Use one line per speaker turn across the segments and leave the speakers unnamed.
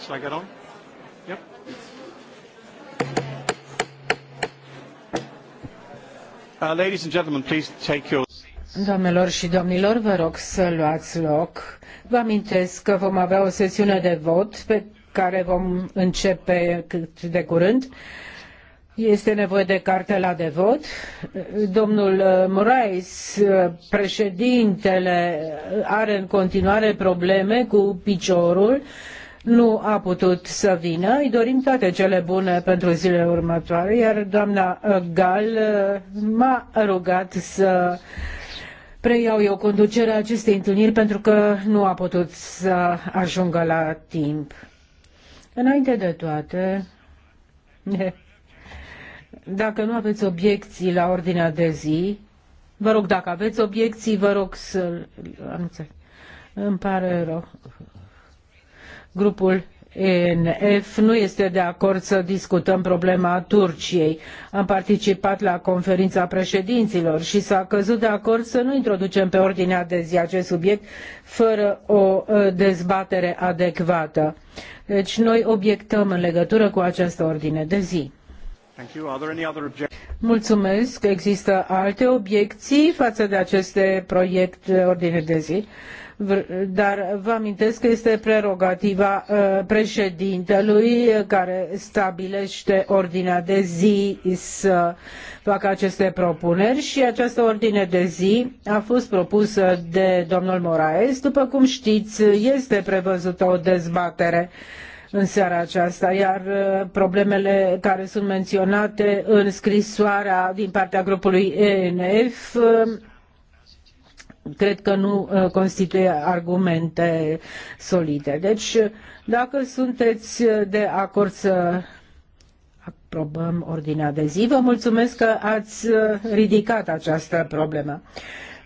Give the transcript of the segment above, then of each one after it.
Sorry, shall I get on? Yep. Uh, ladies and gentlemen, please take your
Doamnelor și domnilor, vă rog să luați loc. Vă amintesc că vom avea o sesiune de vot pe care vom începe cât de curând. Este nevoie de cartela de vot. Domnul uh, Moraes, uh, președintele, are în continuare probleme cu piciorul nu a putut să vină. Îi dorim toate cele bune pentru zilele următoare, iar doamna uh, Gal uh, m-a rugat să preiau eu conducerea acestei întâlniri pentru că nu a putut să ajungă la timp. Înainte de toate, dacă nu aveți obiecții la ordinea de zi, vă rog, dacă aveți obiecții, vă rog să... Îmi pare rău. Grupul ENF nu este de acord să discutăm problema Turciei. Am participat la conferința președinților și s-a căzut de acord să nu introducem pe ordinea de zi acest subiect fără o dezbatere adecvată. Deci noi obiectăm în legătură cu această ordine de zi. Mulțumesc. Există alte obiecții față de aceste proiecte ordine de zi? dar vă amintesc că este prerogativa uh, președintelui uh, care stabilește ordinea de zi să facă aceste propuneri și această ordine de zi a fost propusă de domnul Moraes. După cum știți, este prevăzută o dezbatere în seara aceasta, iar uh, problemele care sunt menționate în scrisoarea din partea grupului ENF cred că nu uh, constituie argumente solide. Deci, dacă sunteți de acord să aprobăm ordinea de zi, vă mulțumesc că ați uh, ridicat această problemă.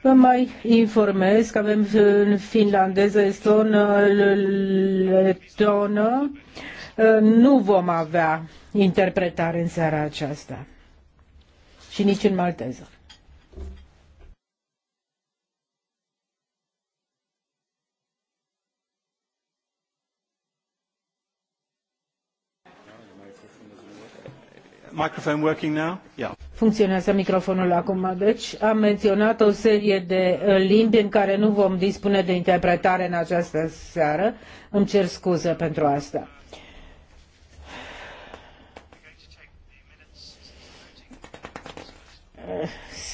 Vă mai informez că avem în finlandeză, estonă, letonă. Uh, nu vom avea interpretare în seara aceasta. Și nici în malteză. Funcționează microfonul acum, deci am menționat o serie de uh, limbi în care nu vom dispune de interpretare în această seară. Îmi cer scuze pentru asta.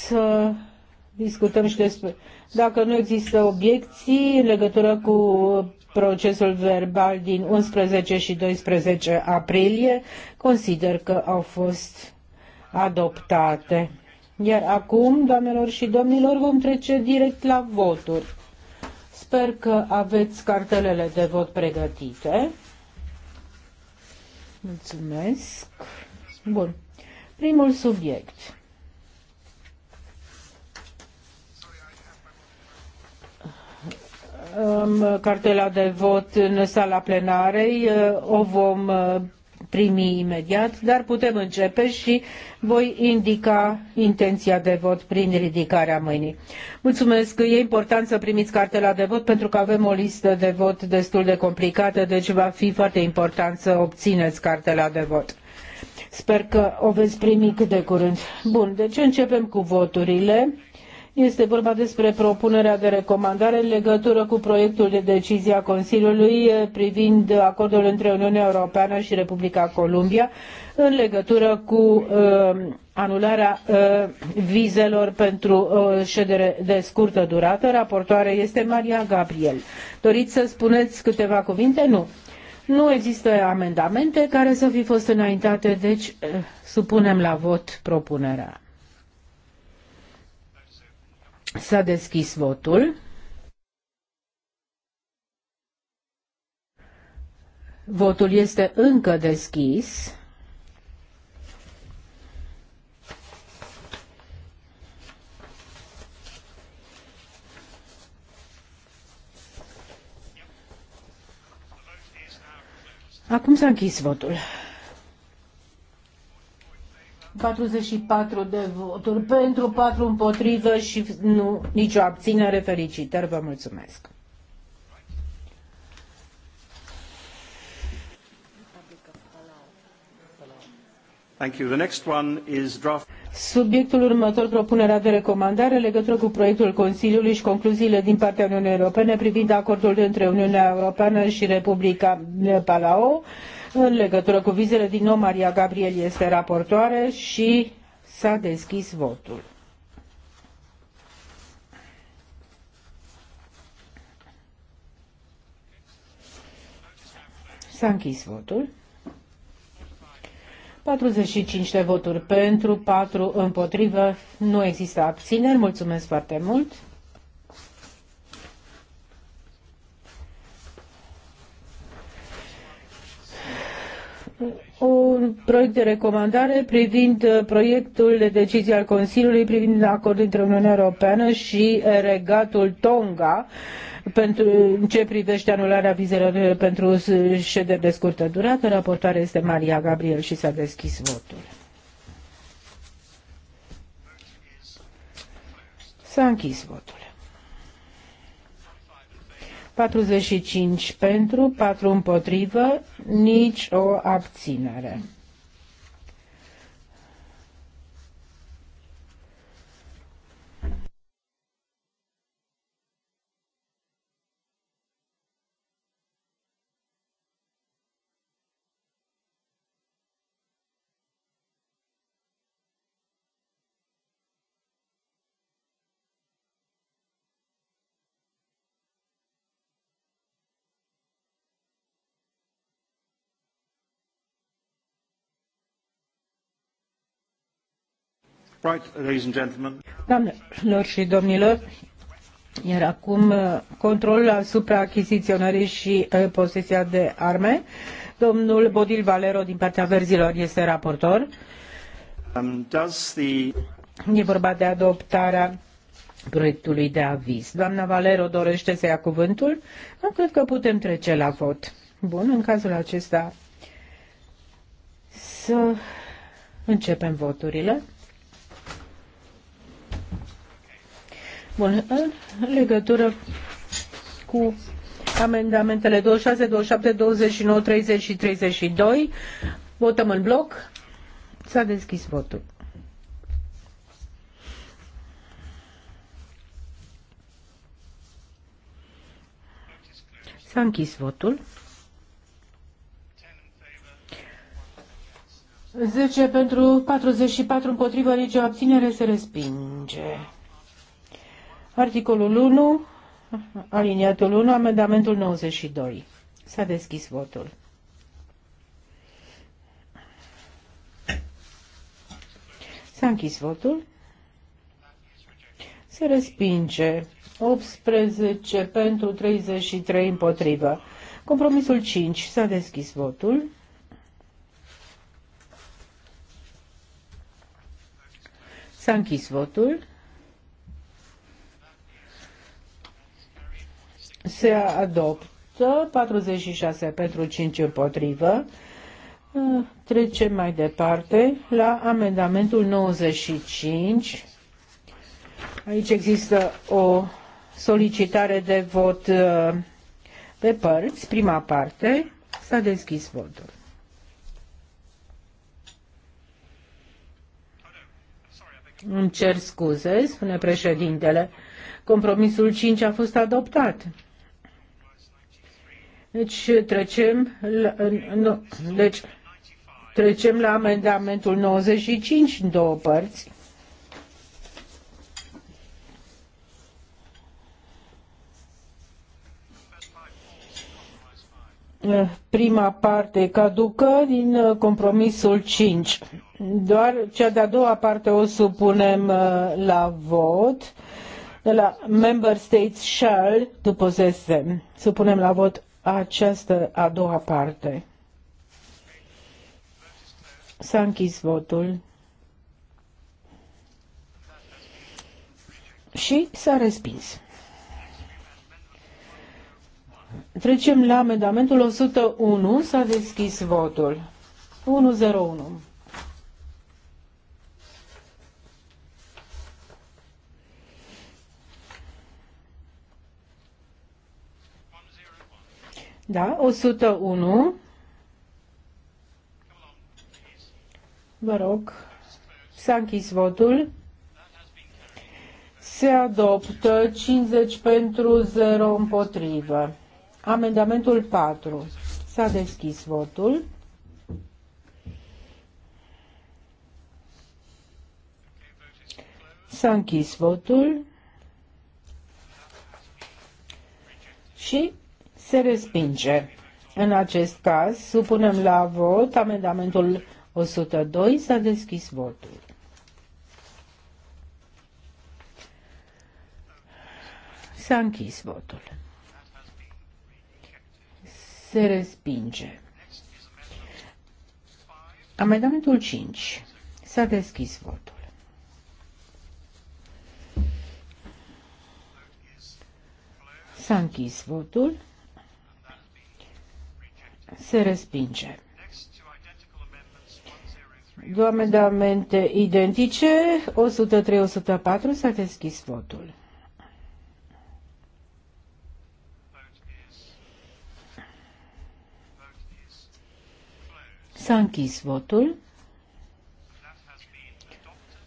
Să discutăm și despre... Dacă nu există obiecții în legătură cu procesul verbal din 11 și 12 aprilie, consider că au fost adoptate. Iar acum, doamnelor și domnilor, vom trece direct la voturi. Sper că aveți cartelele de vot pregătite. Mulțumesc. Bun. Primul subiect cartela de vot în sala plenarei, o vom uh, primi imediat, dar putem începe și voi indica intenția de vot prin ridicarea mâinii. Mulțumesc, e important să primiți cartela de vot pentru că avem o listă de vot destul de complicată, deci va fi foarte important să obțineți cartela de vot. Sper că o veți primi cât de curând. Bun, deci începem cu voturile. Este vorba despre propunerea de recomandare în legătură cu proiectul de decizie a Consiliului eh, privind acordul între Uniunea Europeană și Republica Columbia în legătură cu uh, anularea uh, vizelor pentru uh, ședere de scurtă durată. Raportoare este Maria Gabriel. Doriți să spuneți câteva cuvinte? Nu. Nu există amendamente care să fi fost înaintate, deci uh, supunem la vot propunerea. S-a deschis votul. Votul este încă deschis. Acum s-a închis votul. 44 de voturi pentru, 4 împotrivă și nu nicio abținere. Felicitări, vă mulțumesc. Thank you. The next one is draft... Subiectul următor, propunerea de recomandare legătură cu proiectul Consiliului și concluziile din partea Uniunii Europene privind acordul între Uniunea Europeană și Republica Palau în legătură cu vizele din nou, Maria Gabriel este raportoare și s-a deschis votul. S-a închis votul. 45 de voturi pentru, 4 împotrivă, nu există abțineri. Mulțumesc foarte mult! un proiect de recomandare privind uh, proiectul de decizie al Consiliului privind acordul între Uniunea Europeană și uh, regatul Tonga pentru ce privește anularea vizelor uh, pentru ședere de scurtă durată. Raportarea este Maria Gabriel și s-a deschis votul. S-a închis votul. 45 pentru, 4 împotrivă, nici o abținere. Doamnelor și domnilor, iar acum uh, controlul asupra achiziționării și uh, posesia de arme. Domnul Bodil Valero din partea verzilor este raportor. Um, does the... E vorba de adoptarea proiectului de aviz. Doamna Valero dorește să ia cuvântul? Nu cred că putem trece la vot. Bun, în cazul acesta să începem voturile. Bun, în legătură cu amendamentele 26, 27, 29, 30 și 32, votăm în bloc. S-a deschis votul. S-a închis votul. 10 pentru 44 împotrivă, nicio abținere se respinge. Articolul 1, aliniatul 1, amendamentul 92. S-a deschis votul. S-a închis votul. Se respinge 18 pentru 33 împotrivă. Compromisul 5. S-a deschis votul. S-a închis votul. se adoptă, 46 pentru 5 împotrivă. Uh, trecem mai departe la amendamentul 95. Aici există o solicitare de vot uh, pe părți. Prima parte s-a deschis votul. Îmi cer scuze, spune președintele. Compromisul 5 a fost adoptat. Deci trecem la, nu, deci, trecem la amendamentul 95 în două părți. prima parte caducă din uh, compromisul 5. Doar cea de-a doua parte o supunem uh, la vot. De la Member States shall, possess them. supunem la vot această a doua parte. S-a închis votul și s-a respins. Trecem la amendamentul 101. S-a deschis votul. 101. Da, 101. Vă rog, s-a închis votul. Se adoptă 50 pentru 0 împotrivă. Amendamentul 4. S-a deschis votul. S-a închis votul și se respinge. În acest caz, supunem la vot amendamentul 102. S-a deschis votul. S-a închis votul. Se respinge. Amendamentul 5. S-a deschis votul. S-a închis votul. Se respinge. Două amendamente identice, 103-104, s-a deschis votul. S-a închis votul.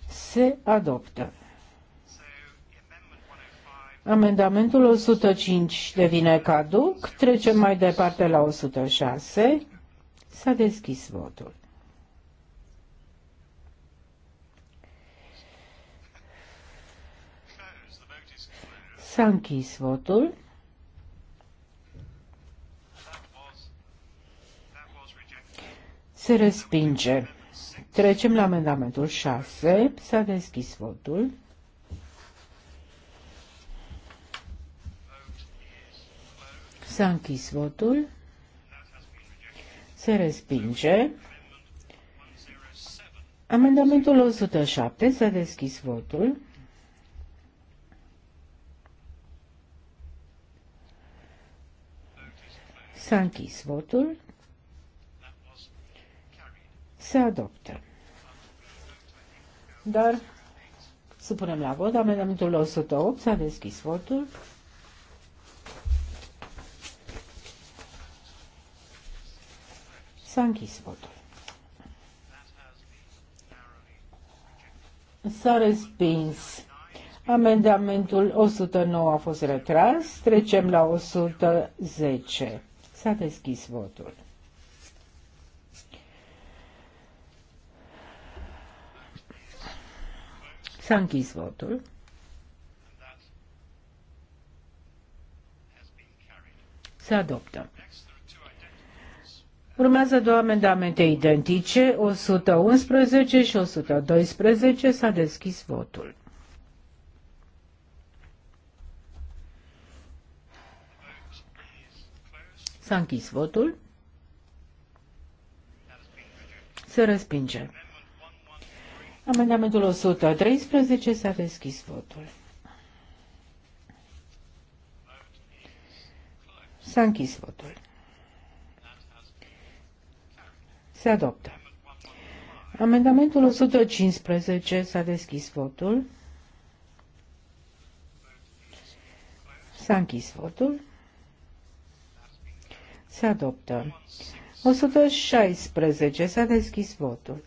Se adoptă. Amendamentul 105 devine caduc. Trecem mai departe la 106. S-a deschis votul. S-a închis votul. Se respinge. Trecem la amendamentul 6. S-a deschis votul. S-a închis votul. Se respinge. Amendamentul 107. S-a deschis votul. S-a închis votul. Se adoptă. Dar supunem la vot amendamentul 108. S-a deschis votul. S-a închis votul. S-a respins. Amendamentul 109 a fost retras. Trecem la 110. S-a deschis votul. S-a închis votul. Să adoptăm. Urmează două amendamente identice, 111 și 112. S-a deschis votul. S-a închis votul. Se respinge. Amendamentul 113 s-a deschis votul. S-a închis votul. Se adoptă. Amendamentul 115 s-a deschis votul. S-a închis votul. Se adoptă. 116 s-a deschis votul.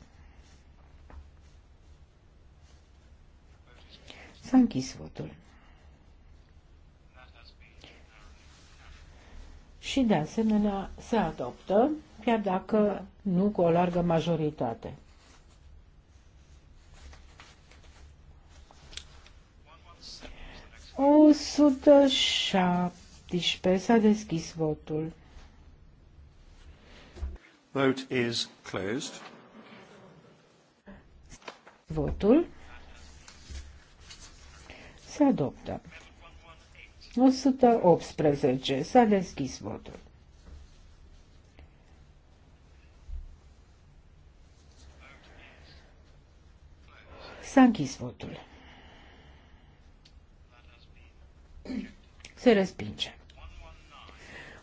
S-a închis votul. Și de asemenea se adoptă chiar dacă nu cu o largă majoritate. O 117 s-a deschis votul.
Vote is closed.
Votul se adoptă. 118. S-a deschis votul. S-a închis votul. Se respinge.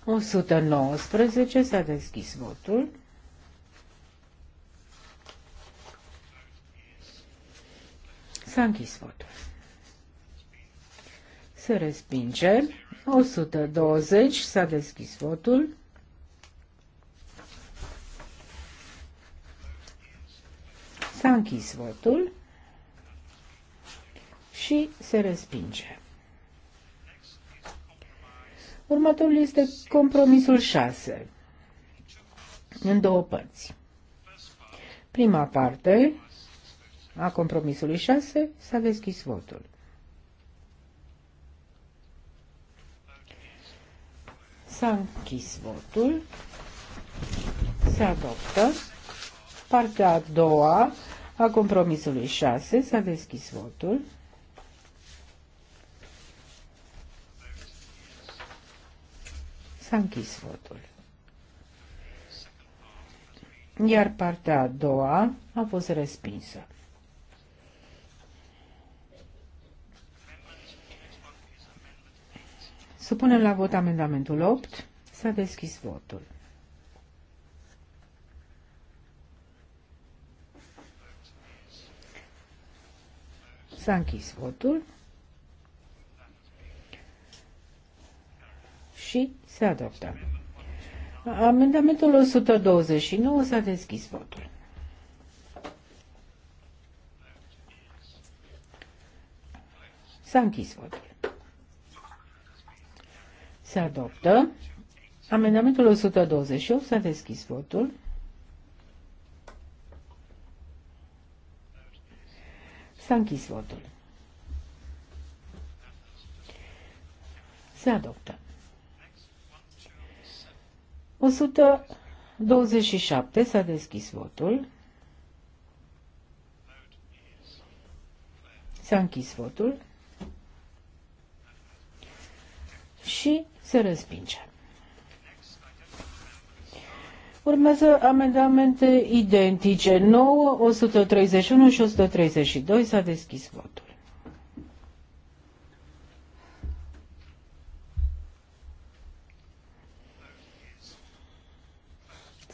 119 s-a deschis votul. S-a închis votul. Se respinge. 120 s-a deschis votul. S-a închis votul și se respinge. Următorul este compromisul 6, în două părți. Prima parte a compromisului 6 s-a deschis votul. S-a închis votul, se adoptă. Partea a doua a compromisului 6 s-a deschis votul. S-a închis votul. Iar partea a doua a fost respinsă. Supunem la vot amendamentul 8. S-a deschis votul. S-a închis votul. și se adoptă. Amendamentul 129 s-a deschis votul. S-a închis votul. Se adoptă. Amendamentul 128 s-a deschis votul. S-a închis votul. Se adoptă. 127 s-a deschis votul. S-a închis votul și se respinge. Urmează amendamente identice 9, 131 și 132. S-a deschis votul.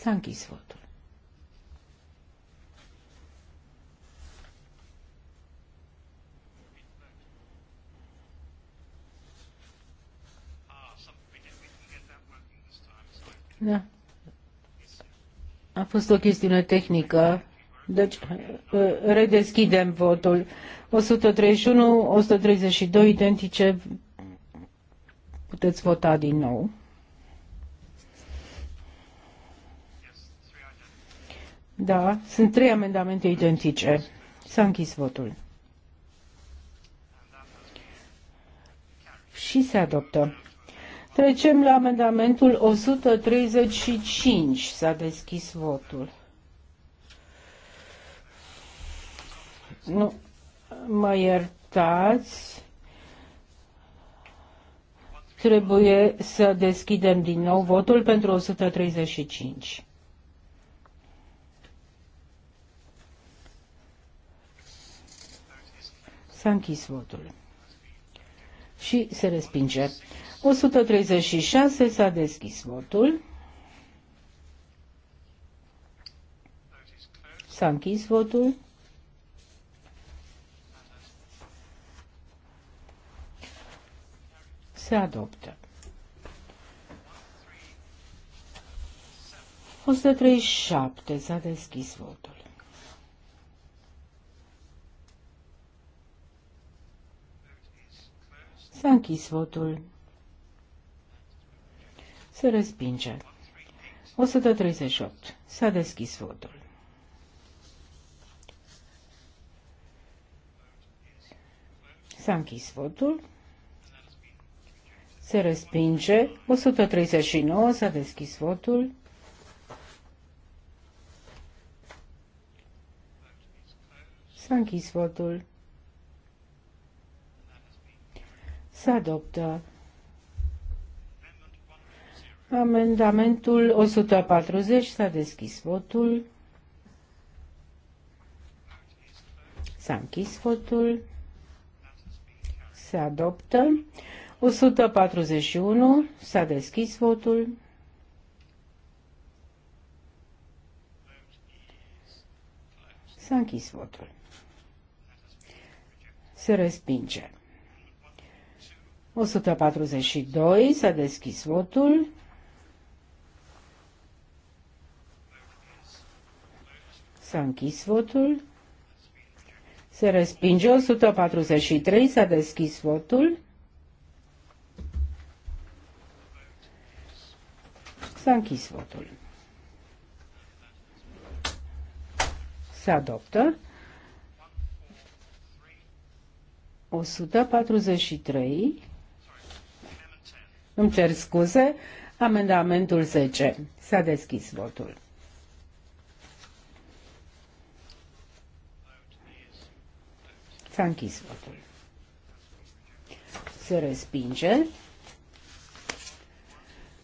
S-a închis votul. Da. A fost o chestiune tehnică. Deci, uh, redeschidem votul. 131, 132 identice. Puteți vota din nou. Da, sunt trei amendamente identice. S-a închis votul. Și se adoptă. Trecem la amendamentul 135. S-a deschis votul. Nu, mă iertați. Trebuie să deschidem din nou votul pentru 135. S-a închis votul. Și se respinge. 136 s-a deschis votul. S-a închis votul. Se adoptă. 137 s-a deschis votul. S-a închis votul. Se respinge. 138. S-a deschis votul. S-a închis votul. Se respinge. 139. S-a deschis votul. S-a închis votul. Se adoptă. Amendamentul 140 s-a deschis votul. S-a închis votul. Se adoptă. 141 s-a deschis votul. S-a închis votul. Se respinge. 142. S-a deschis votul. S-a închis votul. Se respinge 143. S-a deschis votul. S-a închis votul. Se adoptă. 143. Îmi cer scuze. Amendamentul 10. S-a deschis votul. S-a închis votul. Se respinge.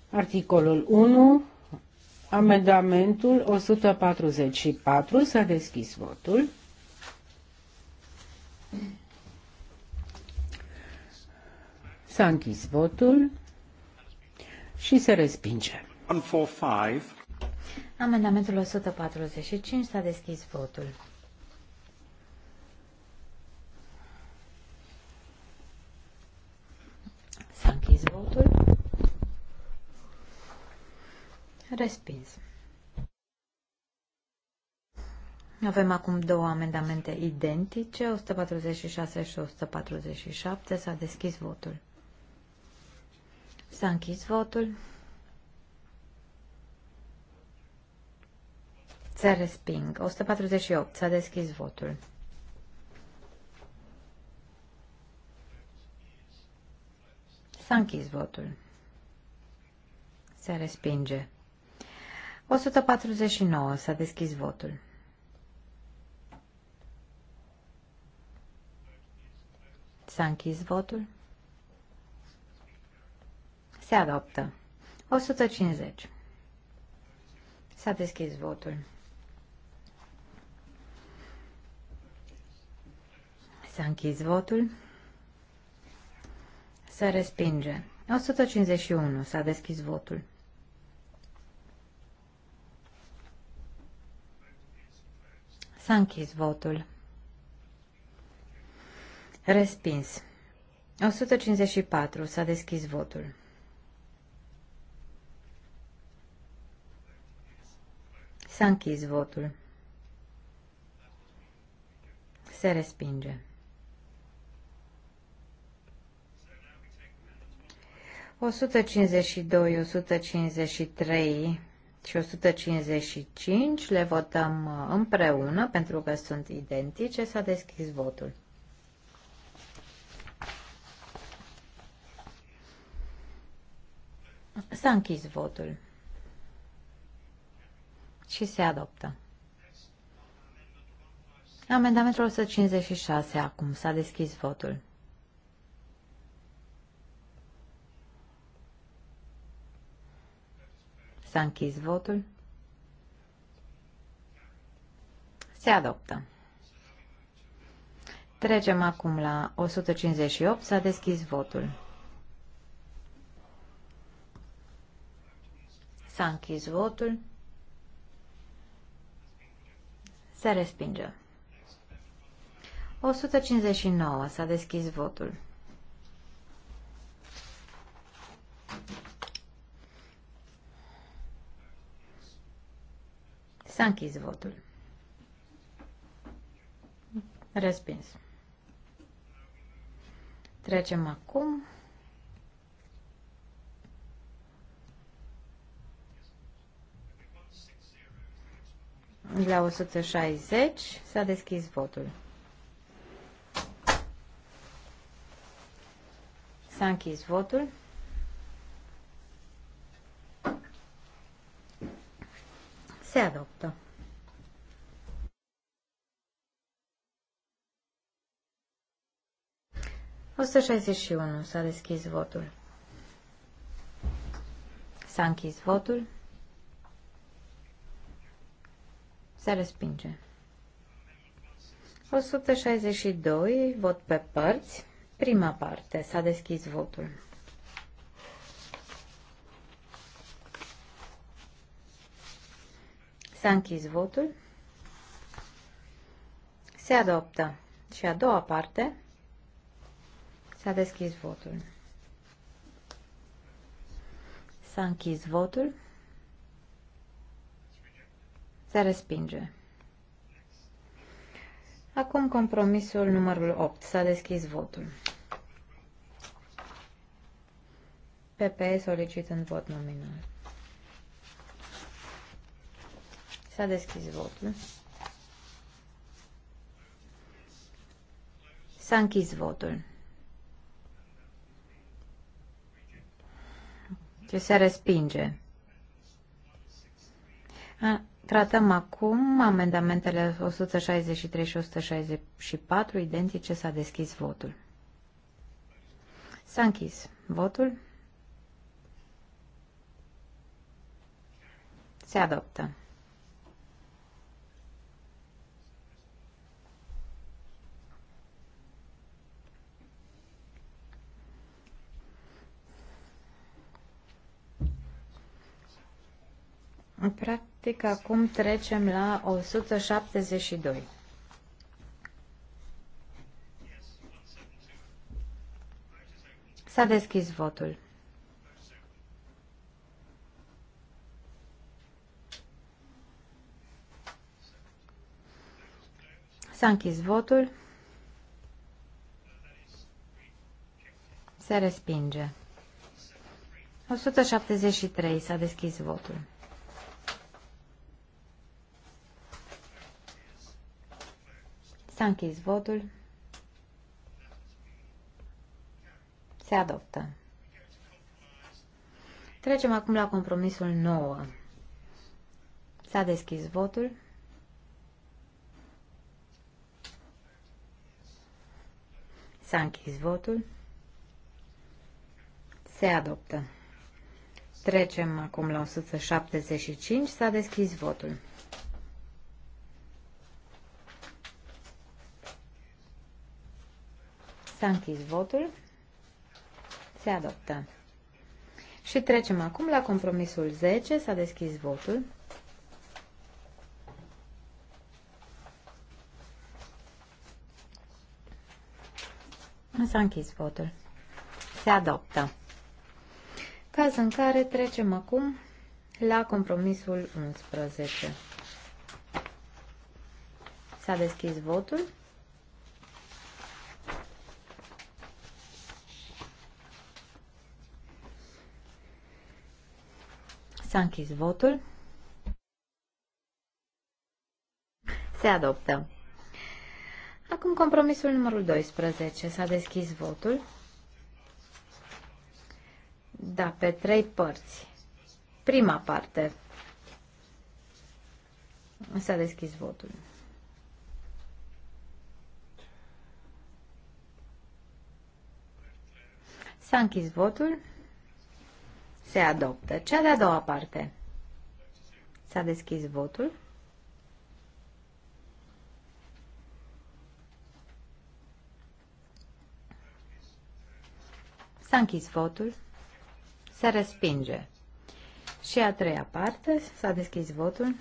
Articolul 1. Amendamentul 144. S-a deschis votul. S-a închis votul și se respinge. 145.
Amendamentul 145 s-a deschis votul. S-a închis votul. Respins. Avem acum două amendamente identice, 146 și 147. S-a deschis votul. S-a închis votul. S-a resping. 148. S-a deschis votul. S-a închis votul. Se respinge. 149. S-a deschis votul. S-a închis votul. Se adoptă. 150. S-a deschis votul. S-a închis votul. Se respinge. 151. S-a deschis votul. S-a închis votul. Respins. 154. S-a deschis votul. S-a închis votul. Se respinge. O sută cincizeci doi, sută cincizeci trei și 155 le votăm uh, împreună pentru că sunt identice. S-a deschis votul. S-a închis votul și se adoptă. Amendamentul 156 acum. S-a deschis votul. S-a închis votul. Se adoptă. Trecem acum la 158. S-a deschis votul. S-a închis votul. Se respinge. 159. S-a deschis votul. S-a închis votul. Respins. Trecem acum La 160 s-a deschis votul. S-a închis votul. Se adoptă. unu s-a deschis votul. S-a închis votul. Se respinge. 162, vot pe părți. Prima parte, s-a deschis votul. S-a închis votul. Se adoptă. Și a doua parte, s-a deschis votul. S-a închis votul. Se respinge. Acum compromisul numărul 8. S-a deschis votul. PP un vot nominal. S-a deschis votul. S-a închis votul. Ce se respinge. A, Tratăm acum amendamentele 163 și 164, identice, s-a deschis votul. S-a închis votul. Se adoptă.
Practic, Practic,
acum trecem la 172. S-a deschis votul. S-a închis votul. Se respinge. 173. S-a deschis votul. S-a închis votul. Se adoptă. Trecem acum la compromisul 9. S-a deschis votul. S-a închis votul. Se adoptă. Trecem acum la 175. S-a deschis votul. S-a închis votul. Se adoptă. Și trecem acum la compromisul 10. S-a deschis votul. S-a închis votul. Se adoptă. Caz în care trecem acum la compromisul 11. S-a deschis votul. S-a închis votul. Se adoptă. Acum compromisul numărul 12. S-a deschis votul. Da, pe trei părți. Prima parte. S-a deschis votul. S-a închis votul. Se adoptă. Cea de-a doua parte. S-a deschis votul. S-a închis votul. Se respinge. Și a treia parte. S-a deschis votul.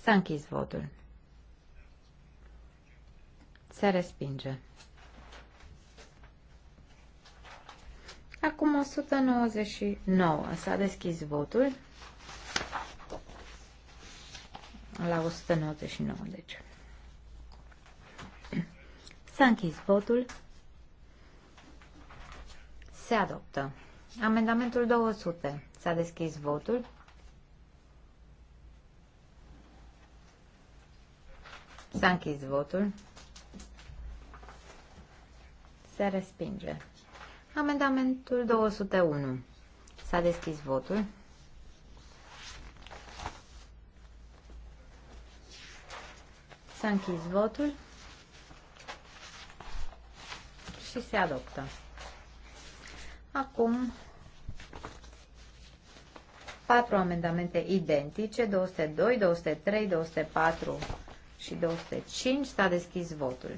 S-a închis votul. Se respinge. Acum 199. S-a deschis votul. La 199, deci. S-a închis votul. Se adoptă. Amendamentul 200. S-a deschis votul. S-a închis votul. Se respinge. Amendamentul 201. S-a deschis votul. S-a închis votul și se adoptă. Acum, patru amendamente identice, 202, 203, 204 și 205, s-a deschis votul.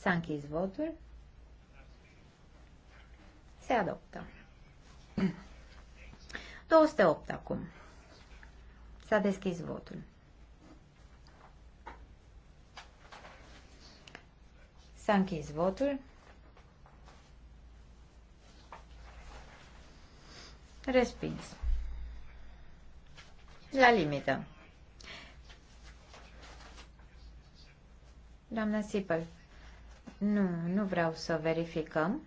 S-a închis votul. Se adoptă. 208 acum. S-a deschis votul. S-a închis votul. Respins. La limită. Doamna Sipel, nu, nu vreau să verificăm.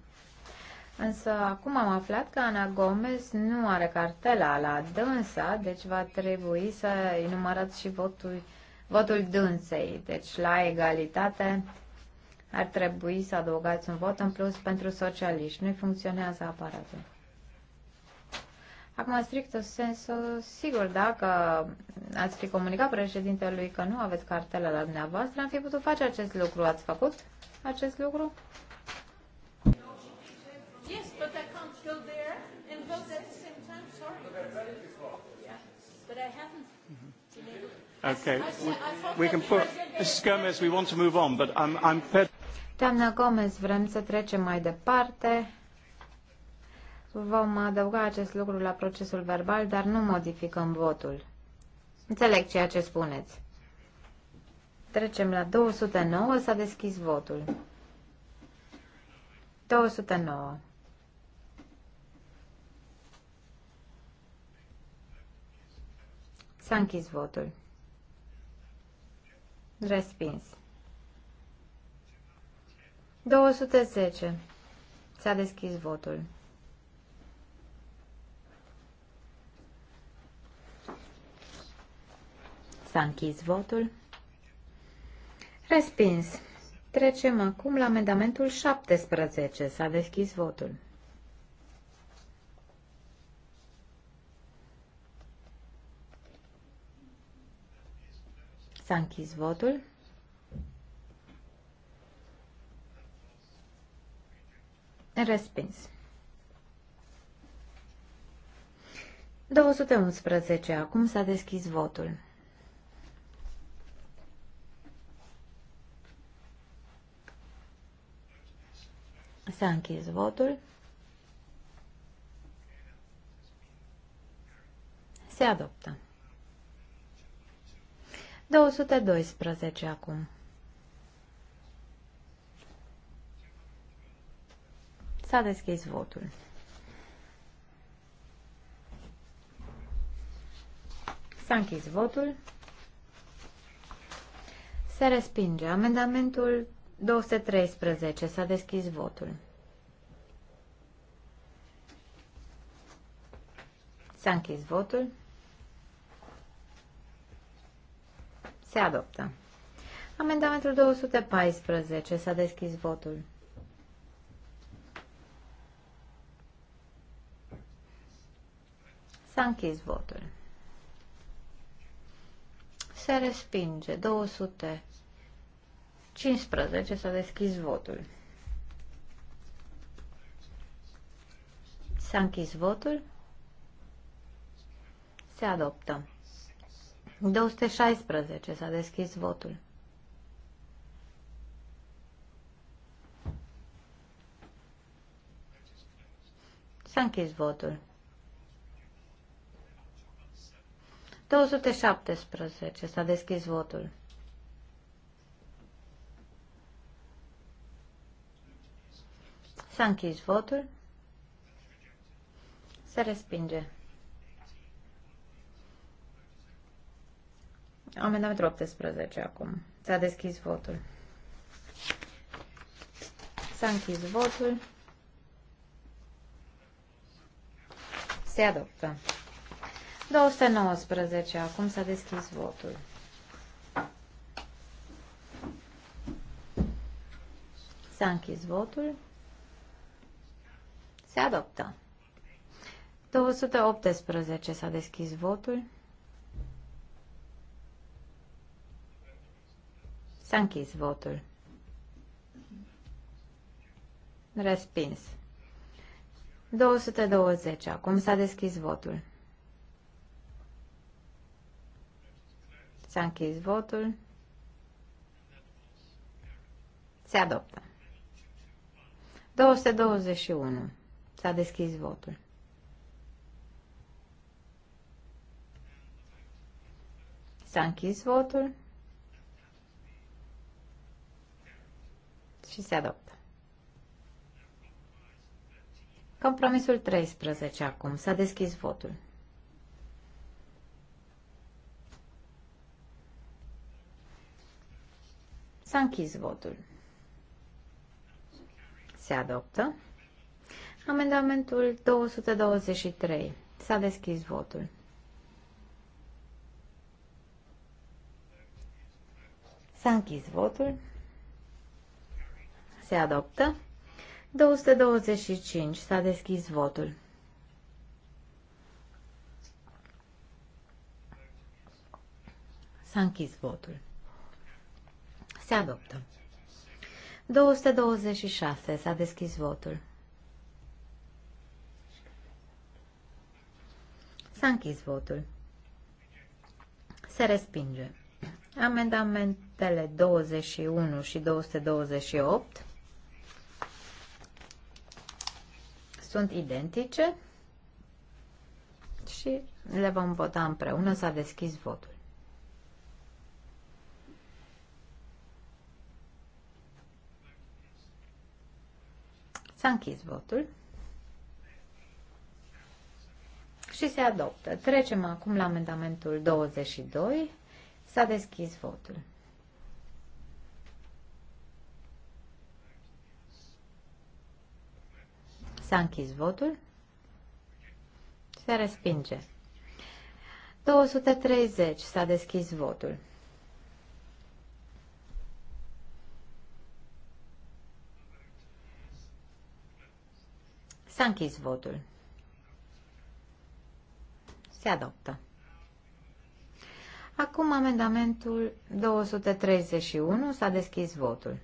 Însă acum am aflat că Ana Gomez nu are cartela la dânsa, deci va trebui să enumărați și votul, votul dânsei. Deci la egalitate ar trebui să adăugați un vot în plus pentru socialiști. Nu funcționează aparatul. Acum, strict sensul, sigur, dacă ați fi comunicat președintelui că nu aveți cartela la dumneavoastră, am fi putut face acest lucru. Ați făcut? acest lucru?
Yes, but I can't go there and vote at the same time. Sorry. Yeah. But I haven't Okay. We can put Mrs.
Gomez, we want to move on, but I'm I'm Doamna Gomez, vrem să trecem mai departe. Vom adăuga acest lucru la procesul verbal, dar nu modificăm votul. Înțeleg ceea ce spuneți. Trecem la 209. S-a deschis votul. 209. S-a închis votul. Respins. 210. S-a deschis votul. S-a închis votul. Respins. Trecem acum la amendamentul 17. S-a deschis votul. S-a închis votul. Respins. 211. Acum s-a deschis votul. S-a închis votul. Se adoptă. 212 acum. S-a deschis votul. S-a închis votul. Se respinge. Amendamentul 213. S-a deschis votul. S-a închis votul. Se adoptă. Amendamentul 214. S-a deschis votul. S-a închis votul. Se respinge. 215. S-a deschis votul. S-a închis votul. Se adoptă. 216. S-a deschis votul. S-a închis votul. 217. S-a deschis votul. S-a închis votul. Se respinge. Amendamentul 18 acum. S-a deschis votul. S-a închis votul. Se adoptă. 219. Acum s-a deschis votul. S-a închis votul. Se adoptă. 218 s-a deschis votul. S-a închis votul. Respins. 220. Acum s-a deschis votul. S-a închis votul. Se adoptă. 221. S-a deschis votul. S-a închis votul. și se adoptă. Compromisul 13 acum. S-a deschis votul. S-a închis votul. Se adoptă. Amendamentul 223. S-a deschis votul. S-a închis votul se adoptă. 225. S-a deschis votul. S-a închis votul. Se adoptă. 226. S-a deschis votul. S-a închis votul. Se respinge. Amendamentele 21 și 228 sunt identice și le vom vota împreună. S-a deschis votul. S-a închis votul și se adoptă. Trecem acum la amendamentul 22. S-a deschis votul. S-a închis votul. Se respinge. 230. S-a deschis votul. S-a închis votul. Se adoptă. Acum amendamentul 231. S-a deschis votul.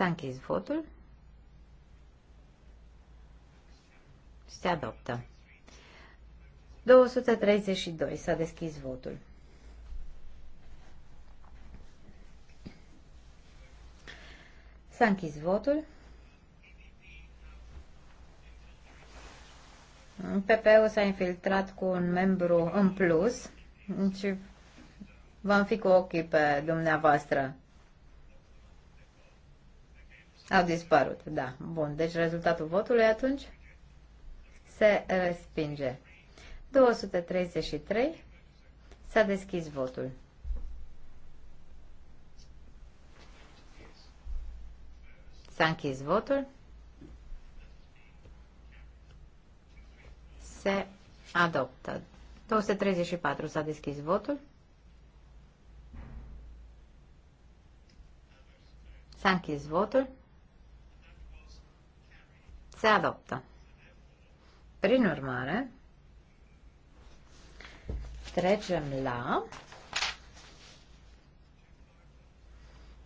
S-a închis votul. Se adoptă. 232. S-a deschis votul. S-a închis votul. PP-ul s-a infiltrat cu un membru în plus și deci, vom fi cu ochii pe dumneavoastră. Au dispărut, da. Bun, deci rezultatul votului atunci se respinge. 233 s-a deschis votul. S-a închis votul. Se adoptă. 234 s-a deschis votul. S-a închis votul se adoptă. Prin urmare, trecem la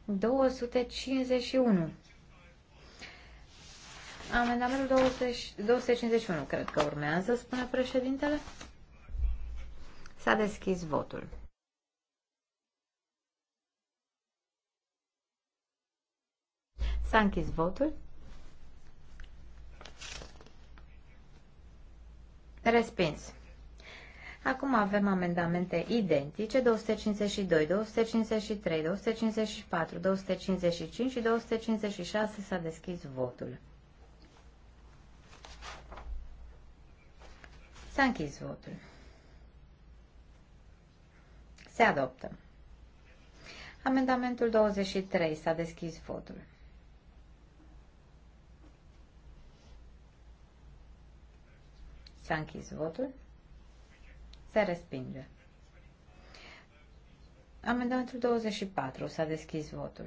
251. Amendamentul 20, 251, cred că urmează, spune președintele. S-a deschis votul. S-a închis votul. Respins. Acum avem amendamente identice 252, 253, 254, 255 și 256 s-a deschis votul. S-a închis votul. Se adoptă. Amendamentul 23 s-a deschis votul. S-a închis votul. Se respinge. Amendamentul 24. S-a deschis votul.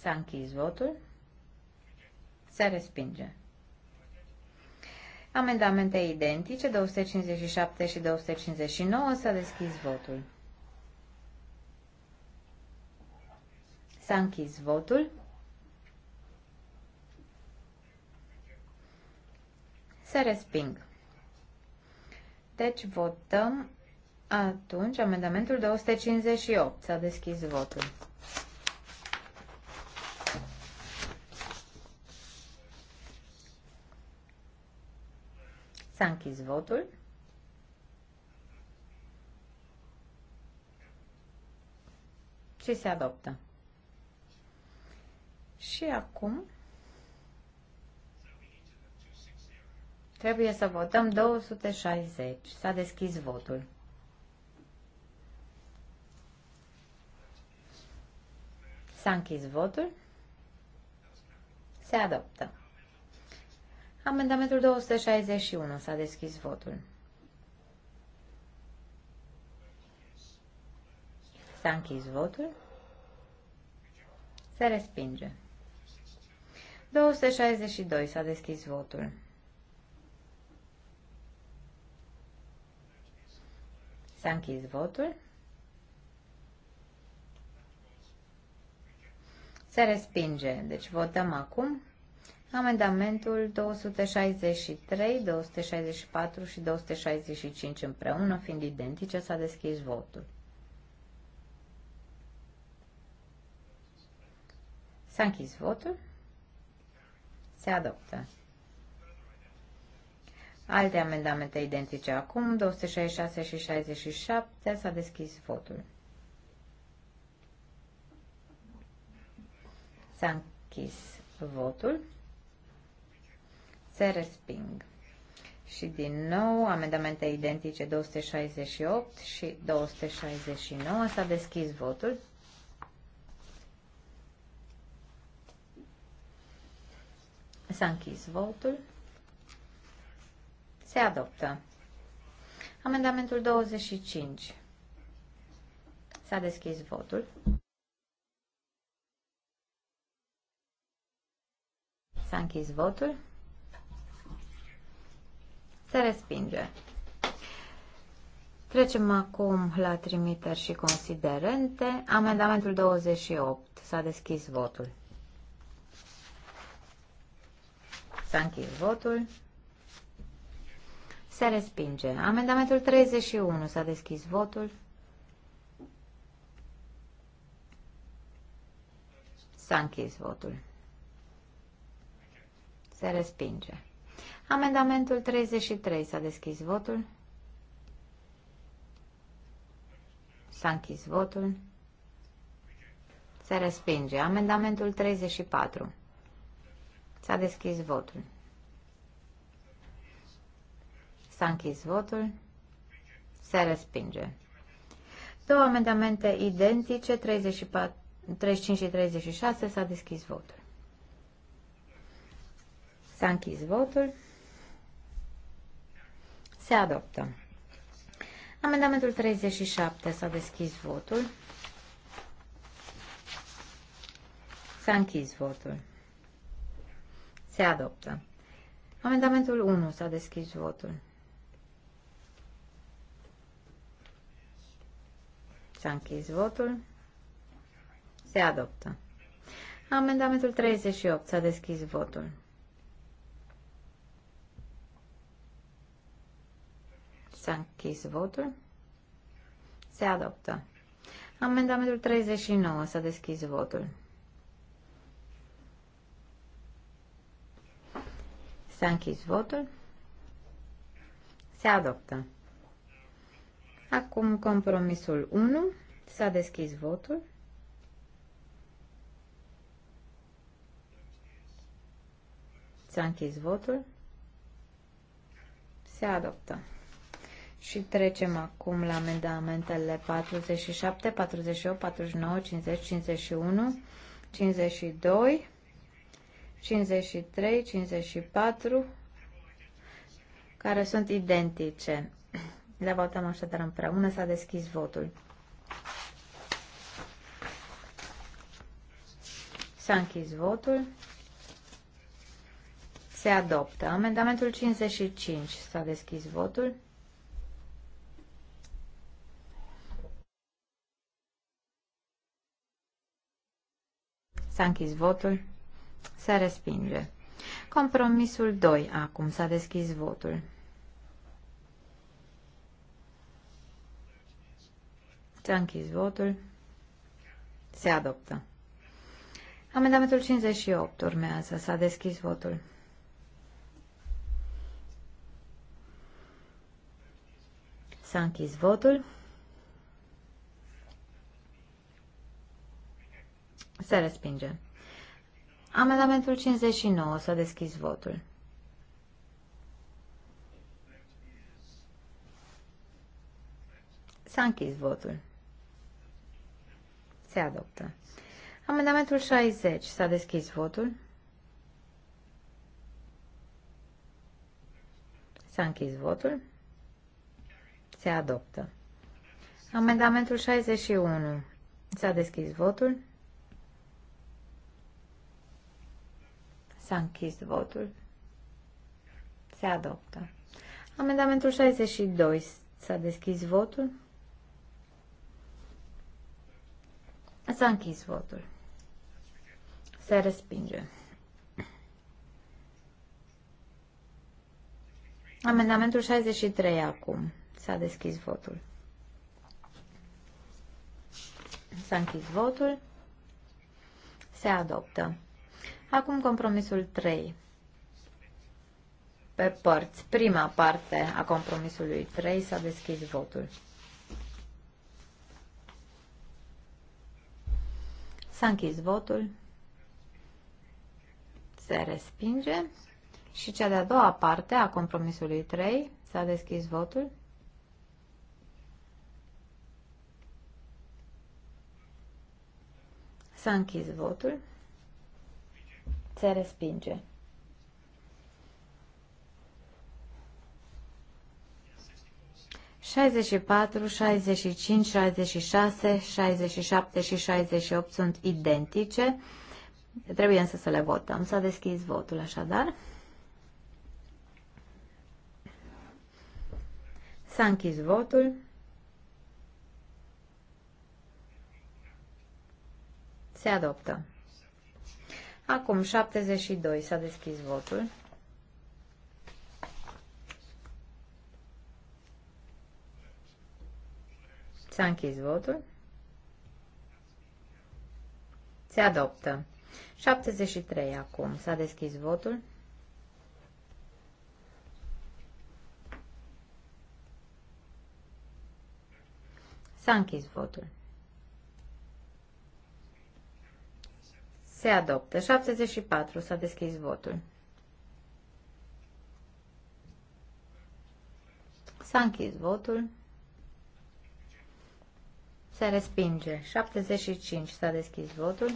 S-a închis votul. Se respinge. Amendamente identice 257 și 259. S-a deschis votul. S-a închis votul. se resping. Deci votăm atunci amendamentul 258. S-a deschis votul. S-a închis votul. Și se adoptă. Și acum Trebuie să votăm 260. S-a deschis votul. S-a închis votul. Se adoptă. Amendamentul 261. S-a deschis votul. S-a închis votul. Se respinge. 262. S-a deschis votul. S-a închis votul. Se respinge. Deci votăm acum amendamentul 263, 264 și 265 împreună, fiind identice, s-a deschis votul. S-a închis votul. Se adoptă. Alte amendamente identice acum, 266 și 67, s-a deschis votul. S-a închis votul. Se resping. Și din nou, amendamente identice 268 și 269, s-a deschis votul. S-a închis votul. Se adoptă. Amendamentul 25. S-a deschis votul. S-a închis votul. Se respinge. Trecem acum la trimiteri și considerente. Amendamentul 28. S-a deschis votul. S-a închis votul. Se respinge. Amendamentul 31. S-a deschis votul. S-a închis votul. Se respinge. Amendamentul 33. S-a deschis votul. S-a închis votul. Se respinge. Amendamentul 34. S-a deschis votul. S-a închis votul. Se respinge. Două amendamente identice, 34, 35 și 36, s-a deschis votul. S-a închis votul. Se adoptă. Amendamentul 37 s-a deschis votul. S-a închis votul. Se adoptă. Amendamentul 1 s-a deschis votul. S-a închis votul. Se adoptă. Amendamentul 38. S-a deschis votul. S-a închis votul. Se adoptă. Amendamentul 39. S-a deschis votul. S-a închis votul. Se adoptă. Acum compromisul 1. S-a deschis votul. S-a închis votul. Se adoptă. Și trecem acum la amendamentele 47, 48, 49, 50, 51, 52, 53, 54, care sunt identice. Le votăm așadar împreună. S-a deschis votul. S-a închis votul. Se adoptă. Amendamentul 55. S-a deschis votul. S-a închis votul. Se respinge. Compromisul 2. Acum s-a deschis votul. S-a închis votul. Se adoptă. Amendamentul 58 urmează. S-a deschis votul. S-a închis votul. Se respinge. Amendamentul 59. S-a deschis votul. S-a închis votul. Se adoptă. Amendamentul 60. S-a deschis votul. S-a închis votul. Se adoptă. Amendamentul 61. S-a deschis votul. S-a închis votul. Se adoptă. Amendamentul 62. S-a deschis votul. S-a închis votul. Se respinge. Amendamentul 63 acum. S-a deschis votul. S-a închis votul. Se adoptă. Acum compromisul 3. Pe părți. Prima parte a compromisului 3 s-a deschis votul. S-a închis votul. Se respinge. Și cea de-a doua parte a compromisului 3. S-a deschis votul. S-a închis votul. Se respinge. 64, 65, 66, 67 și 68 sunt identice. Trebuie însă să le votăm. S-a deschis votul așadar. S-a închis votul. Se adoptă. Acum 72 s-a deschis votul. S-a închis votul. Se adoptă. 73 acum. S-a deschis votul. S-a închis votul. Se adoptă. 74. S-a deschis votul. S-a închis votul. Se respinge. 75. S-a deschis votul.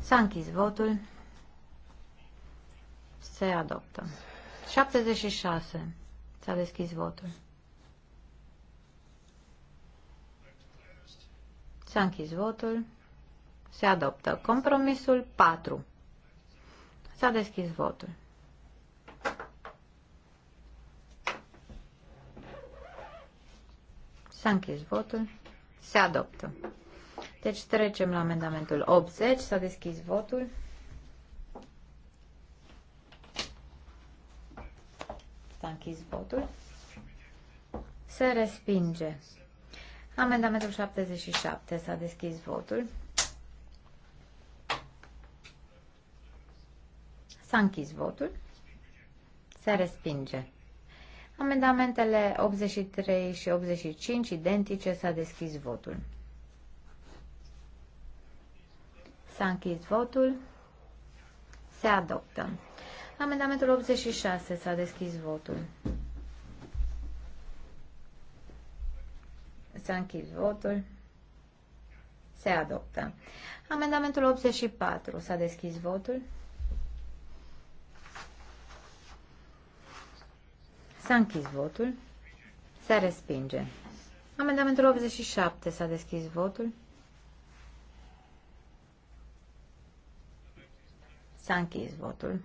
S-a închis votul. Se adoptă. 76. S-a deschis votul. S-a închis votul. Se adoptă. Compromisul 4. S-a deschis votul. S-a închis votul. Se adoptă. Deci trecem la amendamentul 80. S-a deschis votul. S-a închis votul. Se respinge. Amendamentul 77. S-a deschis votul. S-a închis votul. Se respinge. Amendamentele 83 și 85 identice s-a deschis votul. S-a închis votul. Se adoptă. Amendamentul 86 s-a deschis votul. S-a închis votul. Se adoptă. Amendamentul 84 s-a deschis votul. S-a închis votul. Se respinge. Amendamentul 87. S-a deschis votul. S-a închis votul.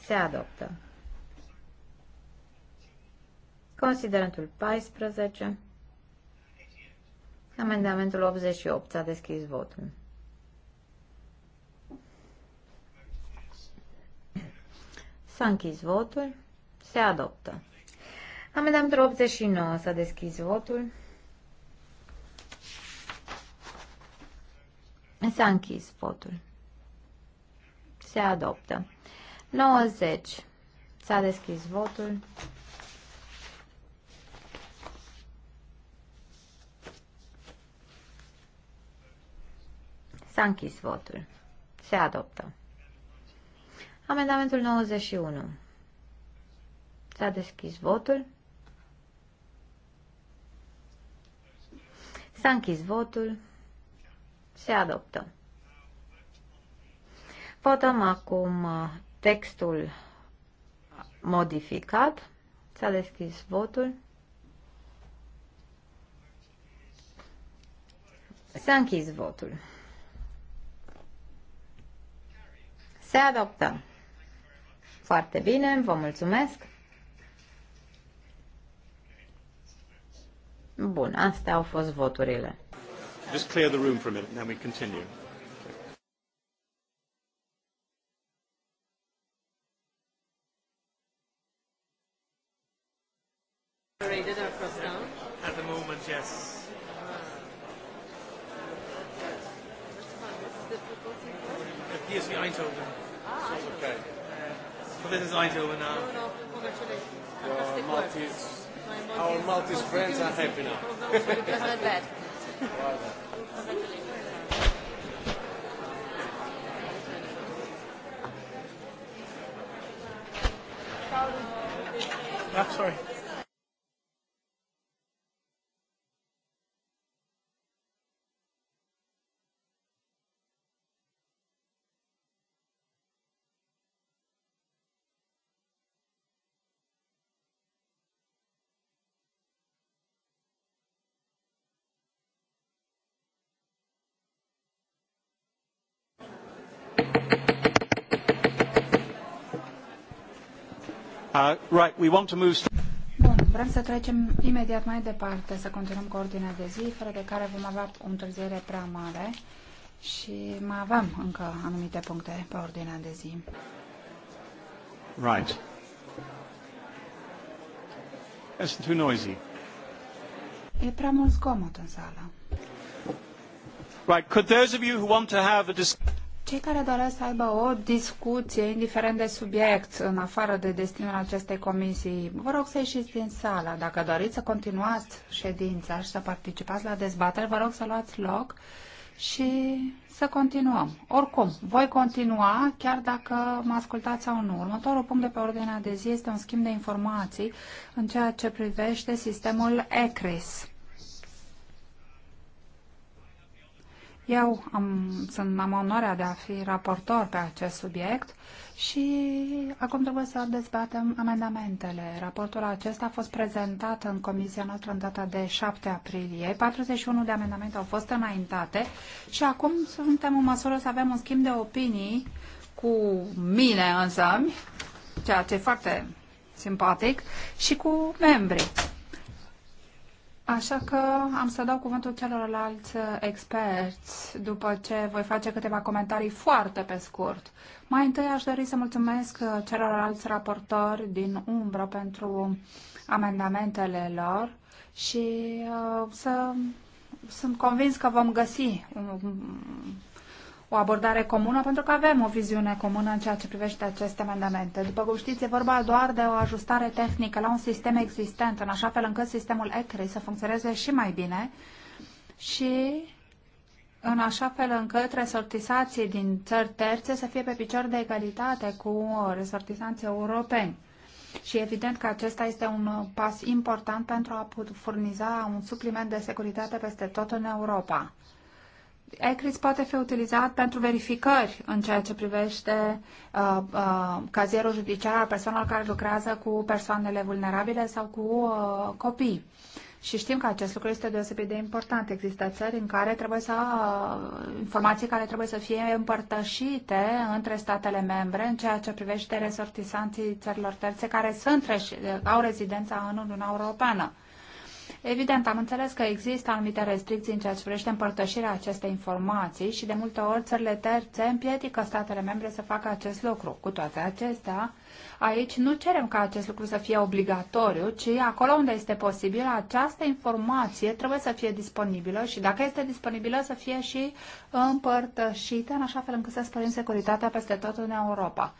Se adoptă. Considerentul 14. Amendamentul 88. S-a deschis votul. S-a închis votul. Se adoptă. Amendamentul 89. S-a deschis votul. S-a închis votul. Se adoptă. 90. S-a deschis votul. S-a închis votul. Se adoptă. Amendamentul 91. S-a deschis votul. S-a închis votul. Se adoptă. Votăm acum uh, textul modificat. S-a deschis votul. S-a închis votul. Se adoptă. Foarte bine, vă mulțumesc. Bun, astea au fost voturile.
Just clear the room for a minute and then we continue.
Right, we want to move... Bun, vrem să trecem imediat mai departe, să continuăm cu ordinea de zi, fără de care vom avea o întârziere prea mare și mai avem încă anumite puncte pe ordinea de zi. Right.
It's too noisy.
E prea mult zgomot în sală.
Right, could those of you who want to have
a discussion? Cei care doresc să aibă o discuție, indiferent de subiect, în afară de destinul acestei comisii, vă rog să ieșiți din sala. Dacă doriți să continuați ședința și să participați la dezbatere, vă rog să luați loc și să continuăm. Oricum, voi continua, chiar dacă mă ascultați sau nu. Următorul punct de pe ordinea de zi este un schimb de informații în ceea ce privește sistemul ECRIS. Eu am, sunt, am onoarea de a fi raportor pe acest subiect și acum trebuie să dezbatem amendamentele. Raportul acesta a fost prezentat în comisia noastră în data de 7 aprilie. 41 de amendamente au fost înaintate și acum suntem în măsură să avem un schimb de opinii cu mine însă, ceea ce e foarte simpatic, și cu membrii. Așa că am să dau cuvântul celorlalți uh, experți după ce voi face câteva comentarii foarte pe scurt. Mai întâi aș dori să mulțumesc uh, celorlalți raportori din umbră pentru amendamentele lor și uh, să sunt convins că vom găsi o abordare comună pentru că avem o viziune comună în ceea ce privește aceste amendamente. După cum știți, e vorba doar de o ajustare tehnică la un sistem existent, în așa fel încât sistemul ECRI să funcționeze și mai bine și în așa fel încât resortisații din țări terțe să fie pe picior de egalitate cu resortisanții europeni. Și evident că acesta este un pas important pentru a furniza un supliment de securitate peste tot în Europa. ECRIS poate fi utilizat pentru verificări în ceea ce privește uh, uh, cazierul judiciar al persoanelor care lucrează cu persoanele vulnerabile sau cu uh, copii. Și știm că acest lucru este deosebit de important. Există țări în care trebuie să, uh, informații care trebuie să fie împărtășite între statele membre în ceea ce privește resortisanții țărilor terțe care sunt, au rezidența în Uniunea Europeană. Evident, am înțeles că există anumite restricții în ceea ce privește împărtășirea acestei informații și de multe ori țările terțe împiedică statele membre să facă acest lucru. Cu toate acestea, aici nu cerem ca acest lucru să fie obligatoriu, ci acolo unde este posibil, această informație trebuie să fie disponibilă și dacă este disponibilă să fie și împărtășită în așa fel încât să sporim securitatea peste tot în Europa.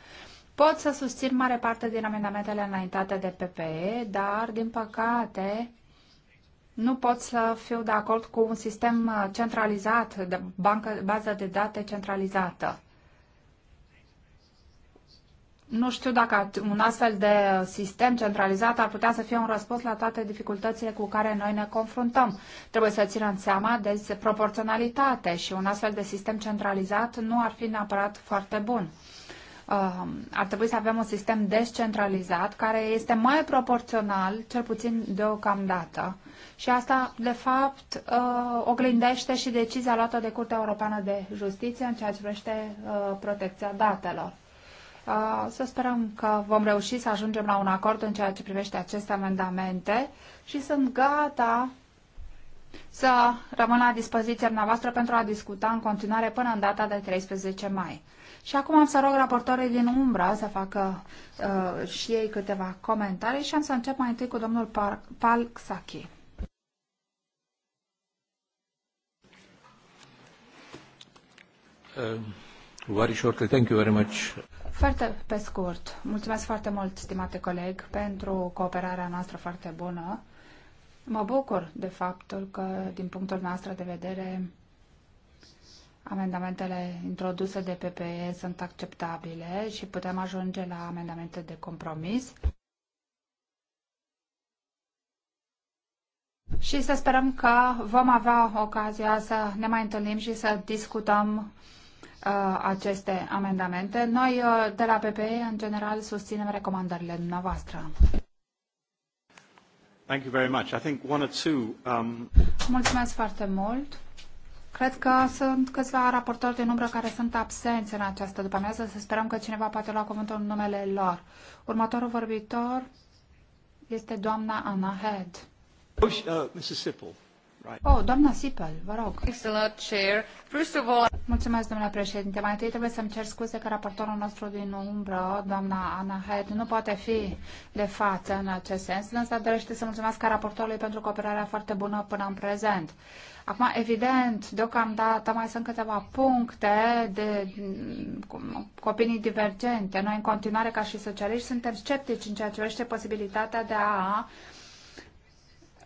Pot să susțin mare parte din amendamentele înaintate de PPE, dar, din păcate, nu pot să fiu de acord cu un sistem uh, centralizat, de bancă, bază de date centralizată. Nu știu dacă un astfel de sistem centralizat ar putea să fie un răspuns la toate dificultățile cu care noi ne confruntăm. Trebuie să ținem seama de proporționalitate și un astfel de sistem centralizat nu ar fi neapărat foarte bun. Um, ar trebui să avem un sistem descentralizat care este mai proporțional, cel puțin deocamdată. Și asta, de fapt, uh, oglindește și decizia luată de Curtea Europeană de Justiție în ceea ce privește uh, protecția datelor. Uh, să sperăm că vom reuși să ajungem la un acord în ceea ce privește aceste amendamente și sunt gata să rămân la dispoziția noastră pentru a discuta în continuare până în data de 13 mai. Și acum am să rog raportorii din umbra să facă uh, și ei câteva comentarii și am să încep mai întâi cu domnul Par Palxachi.
Uh, very shortly, thank you very much.
Foarte pe scurt, mulțumesc foarte mult, stimate coleg, pentru cooperarea noastră foarte bună. Mă bucur de faptul că, din punctul nostru de vedere, Amendamentele introduse de PPE sunt acceptabile și putem ajunge la amendamente de compromis. Și să sperăm că vom avea ocazia să ne mai întâlnim și să discutăm uh, aceste amendamente. Noi uh, de la PPE, în general, susținem recomandările dumneavoastră.
Thank you very much. I think one or two,
um... Mulțumesc foarte mult. Cred că sunt câțiva raportori de umbră care sunt absenți în această după amiază. Să sperăm că cineva poate lua cuvântul în numele lor. Următorul vorbitor este doamna Anna Head.
Oh, uh, Mrs. Sipple.
Right. Oh, doamna Sipel, vă rog. Excellent, Chair. First of all... Mulțumesc, domnule președinte. Mai întâi trebuie să-mi cer scuze că raportorul nostru din umbră, doamna Ana Head, nu poate fi de față în acest sens, însă dorește să mulțumesc ca raportorului pentru cooperarea foarte bună până în prezent. Acum, evident, deocamdată mai sunt câteva puncte de opinii divergente. Noi, în continuare, ca și socialiști, suntem sceptici în ceea ce privește posibilitatea de a uh,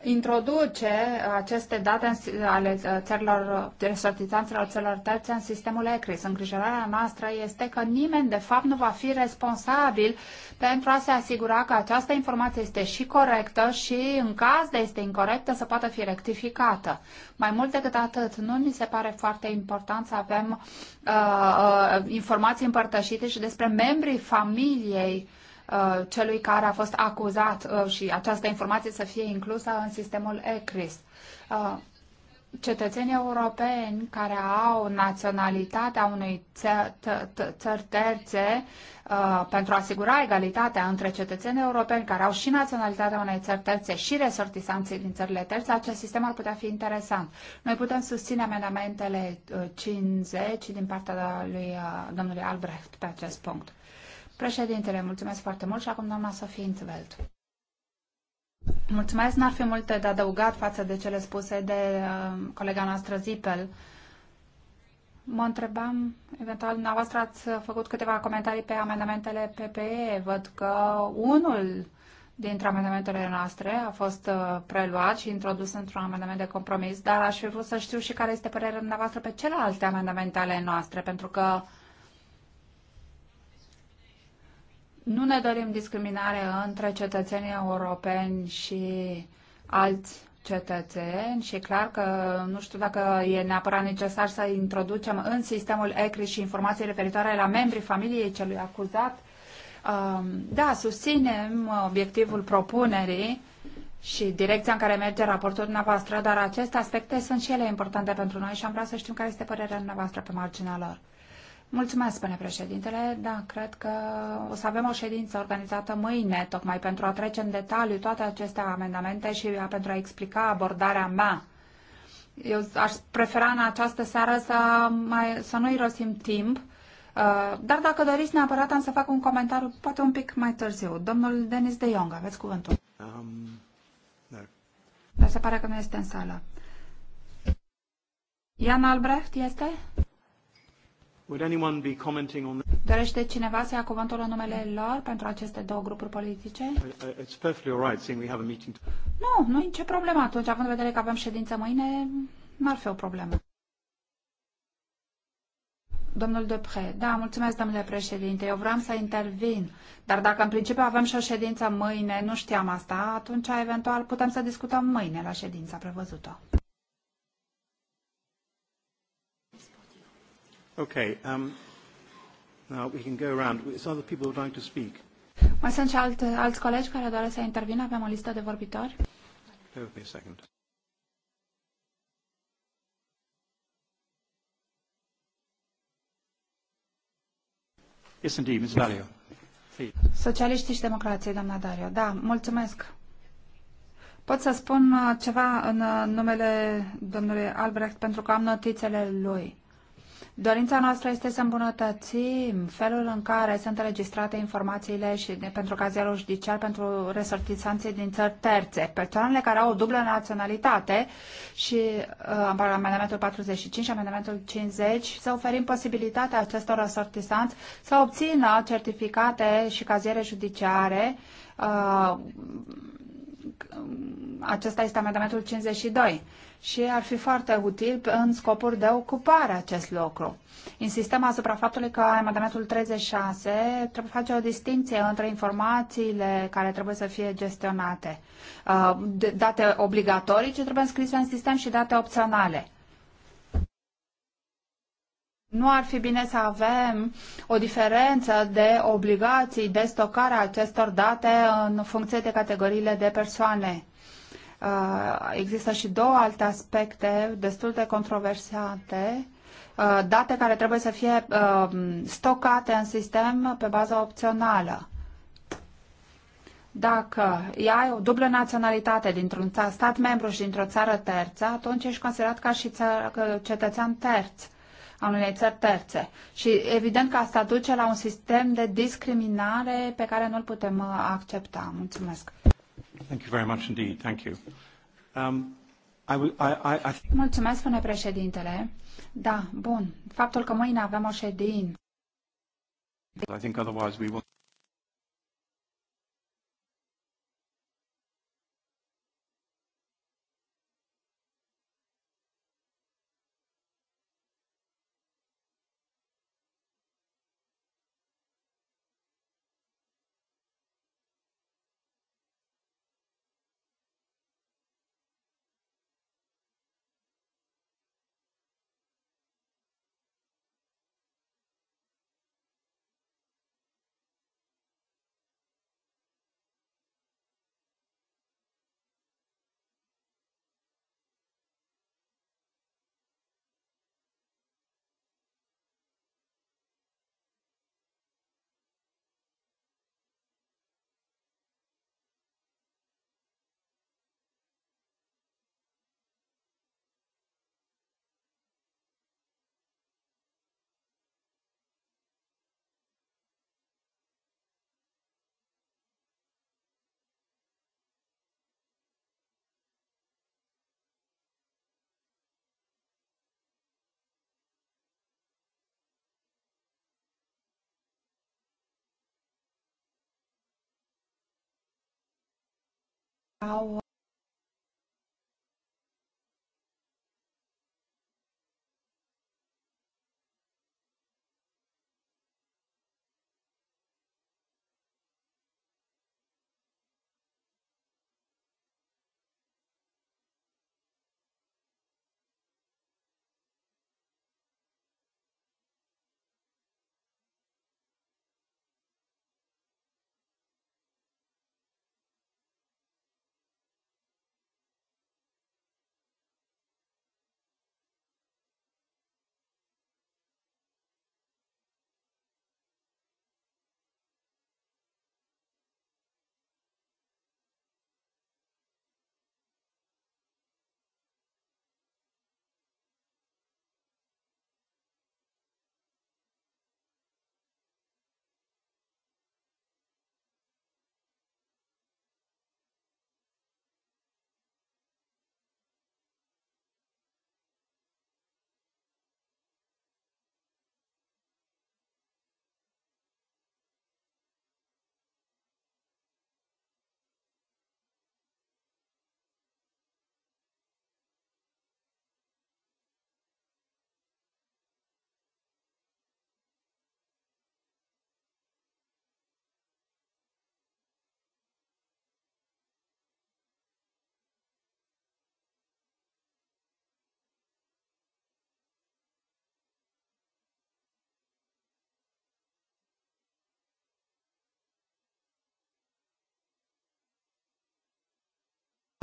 introduce aceste date ale uh, țărilor, resortizanților țărilor terțe în sistemul ECRIS. Îngrijorarea noastră este că nimeni, de fapt, nu va fi responsabil pentru a se asigura că această informație este și corectă și, în caz de este incorrectă, să poată fi rectificată. Mai mult decât atât, nu mi se pare foarte important să avem uh, uh, informații împărtășite și despre membrii familiei uh, Uh, celui care a fost acuzat uh, și această informație să fie inclusă în sistemul ECRIS. Uh, cetățenii europeni care au naționalitatea unei țări terțe pentru a asigura egalitatea între cetățenii europeni care au și naționalitatea unei țări terțe și resortisanții din țările terțe, acest sistem ar putea fi interesant. Noi putem susține amendamentele 50 din partea lui domnului Albrecht pe acest punct. Președintele, mulțumesc foarte mult și acum doamna Sofie Intveld. Mulțumesc, n-ar fi multe de adăugat față de cele spuse de uh, colega noastră Zipel. Mă întrebam, eventual dumneavoastră ați făcut câteva comentarii pe amendamentele PPE. Văd că unul dintre amendamentele noastre a fost uh, preluat și introdus într-un amendament de compromis, dar aș fi vrut să știu și care este părerea dumneavoastră pe celelalte amendamente ale noastre, pentru că uh, Nu ne dorim discriminare între cetățenii europeni și alți cetățeni și clar că nu știu dacă e neapărat necesar să introducem în sistemul ECRI și informații referitoare la membrii familiei celui acuzat. Um, da, susținem obiectivul propunerii și direcția în care merge raportul dumneavoastră, dar aceste aspecte sunt și ele importante pentru noi și am vrea să știm care este părerea dumneavoastră pe marginea lor. Mulțumesc, spune președintele. Da, cred că o să avem o ședință organizată mâine, tocmai pentru a trece în detaliu toate aceste amendamente și pentru a explica abordarea mea. Eu aș prefera în această seară să, mai, să nu irosim timp, uh, dar dacă doriți neapărat am să fac un comentariu poate un pic mai târziu. Domnul Denis de Jong, aveți cuvântul. Um, da. Dar se pare că nu este în sală. Ian Albrecht este? Would anyone be commenting on Dorește cineva să ia cuvântul în numele lor pentru aceste două grupuri politice? It's perfectly all right, seeing we have a meeting. Nu, nu e nicio problemă atunci, având în vedere că avem ședință mâine, n-ar fi o problemă. Domnul Depre, da, mulțumesc, domnule președinte, eu vreau să intervin, dar dacă în principiu avem și o ședință mâine, nu știam asta, atunci eventual putem să discutăm mâine la ședința prevăzută.
Okay. Um, now we can go around. It's other people are like to speak.
Mai sunt și alt, alți colegi care doresc să intervină? Avem o listă de vorbitori.
Give me a second.
Yes, indeed, Ms. Valio. Socialiștii și democrații, doamna Dario. Da, mulțumesc. Pot să spun uh, ceva în uh, numele domnului Albrecht pentru că am notițele lui. Dorința noastră este să îmbunătățim felul în care sunt înregistrate informațiile și de, pentru cazierul judiciar pentru resortisanții din țări terțe, persoanele care au o dublă naționalitate și uh, amendamentul 45 și amendamentul 50 să oferim posibilitatea acestor resortisanți să obțină certificate și caziere judiciare uh, acesta este amendamentul 52 și ar fi foarte util în scopuri de ocupare acest lucru. Insistăm asupra faptului că în amendamentul 36 trebuie face o distinție între informațiile care trebuie să fie gestionate, uh, date obligatorii ce trebuie înscrise în sistem și date opționale. Nu ar fi bine să avem o diferență de obligații de stocare a acestor date în funcție de categoriile de persoane Uh, există și două alte aspecte destul de controversate, uh, date care trebuie să fie uh, stocate în sistem pe bază opțională. Dacă ai o dublă naționalitate dintr-un stat membru și dintr-o țară terță, atunci ești considerat ca și cetățean terț a unei țări terțe. Și evident că asta duce la un sistem de discriminare pe care nu-l putem accepta. Mulțumesc.
Thank you very much indeed. Thank you. Um, I, w- I, I... I th-
Mulțumesc, spune președintele. Da, bun. Faptul că mâine avem o ședință.
I think otherwise we will...
au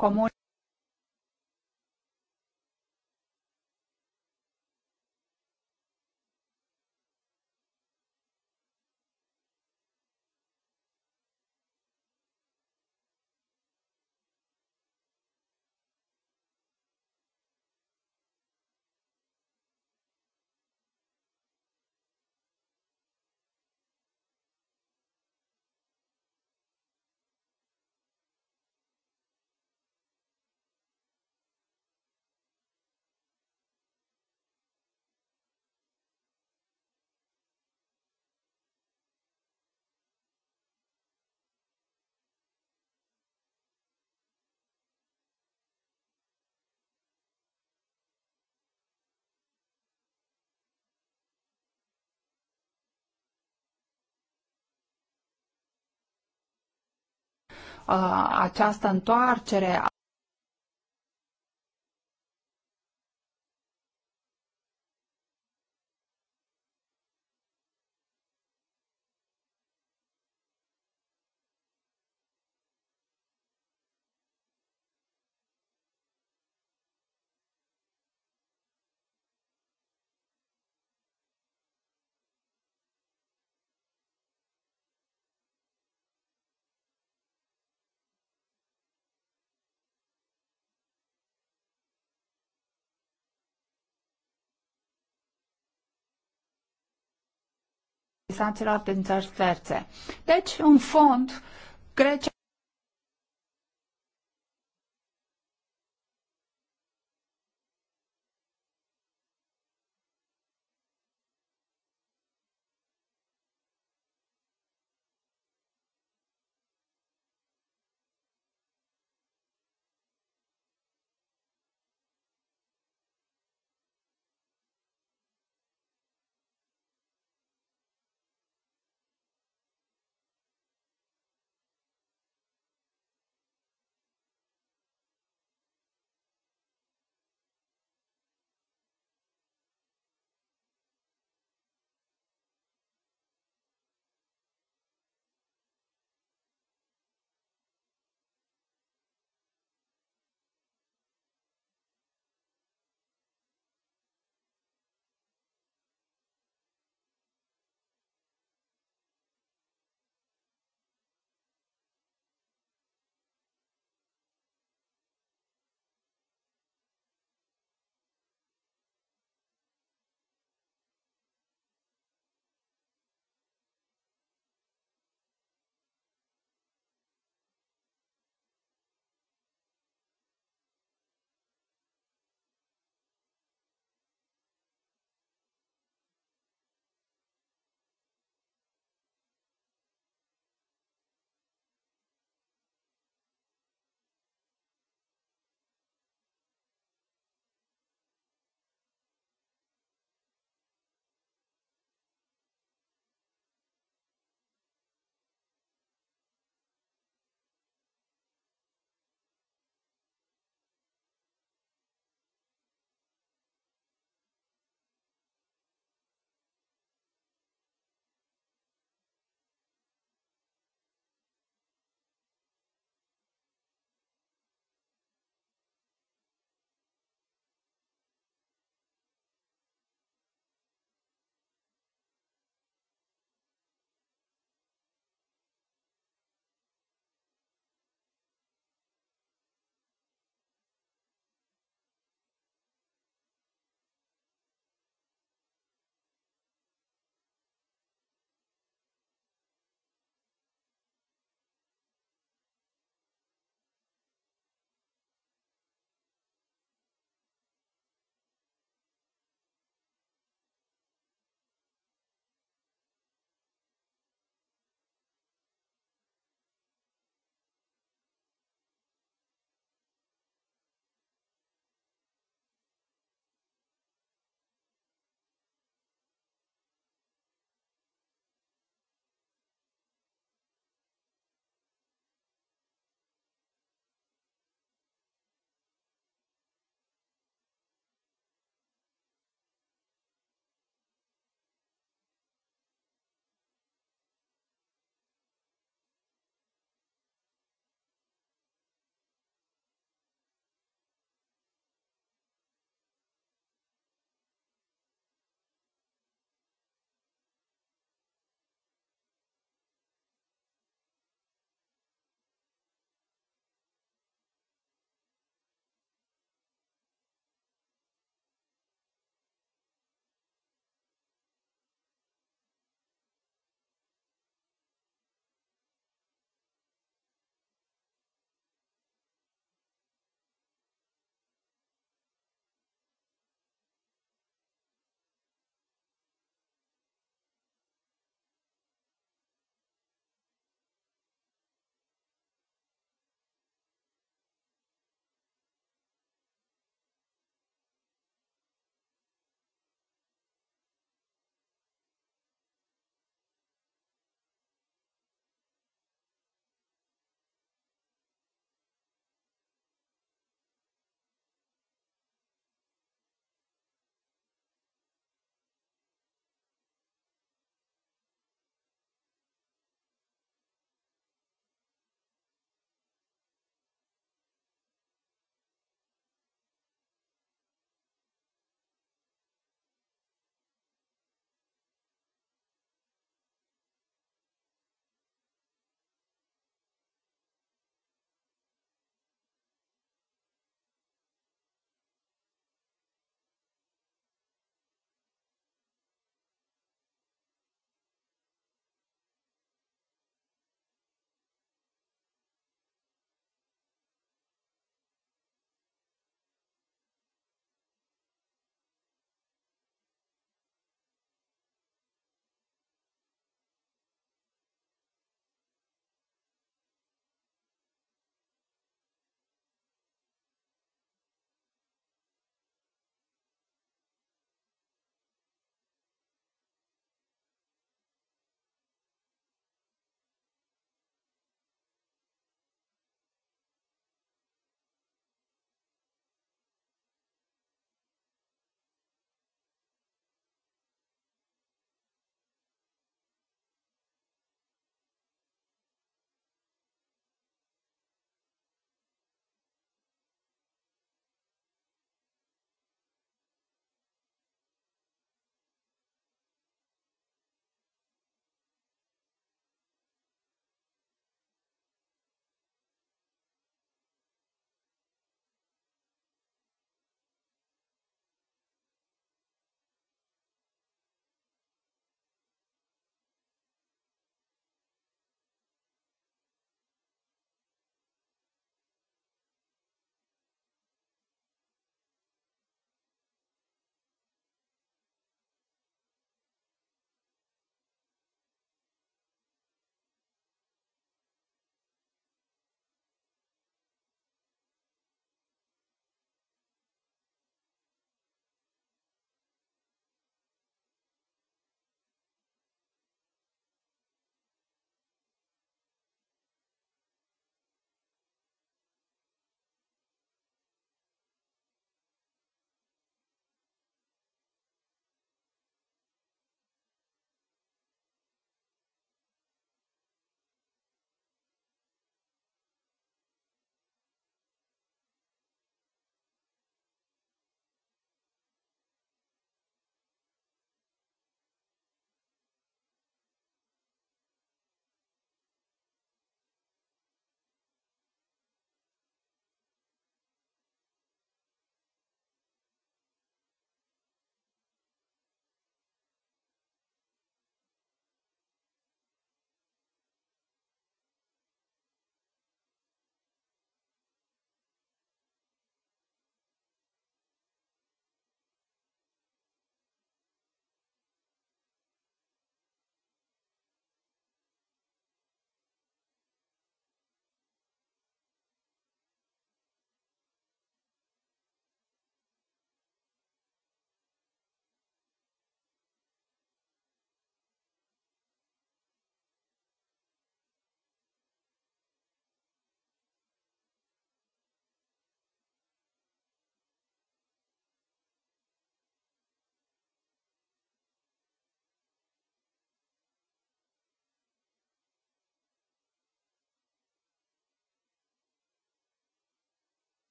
comun Uh, această întoarcere interesanților din țări terțe. Deci, în fond, Grecia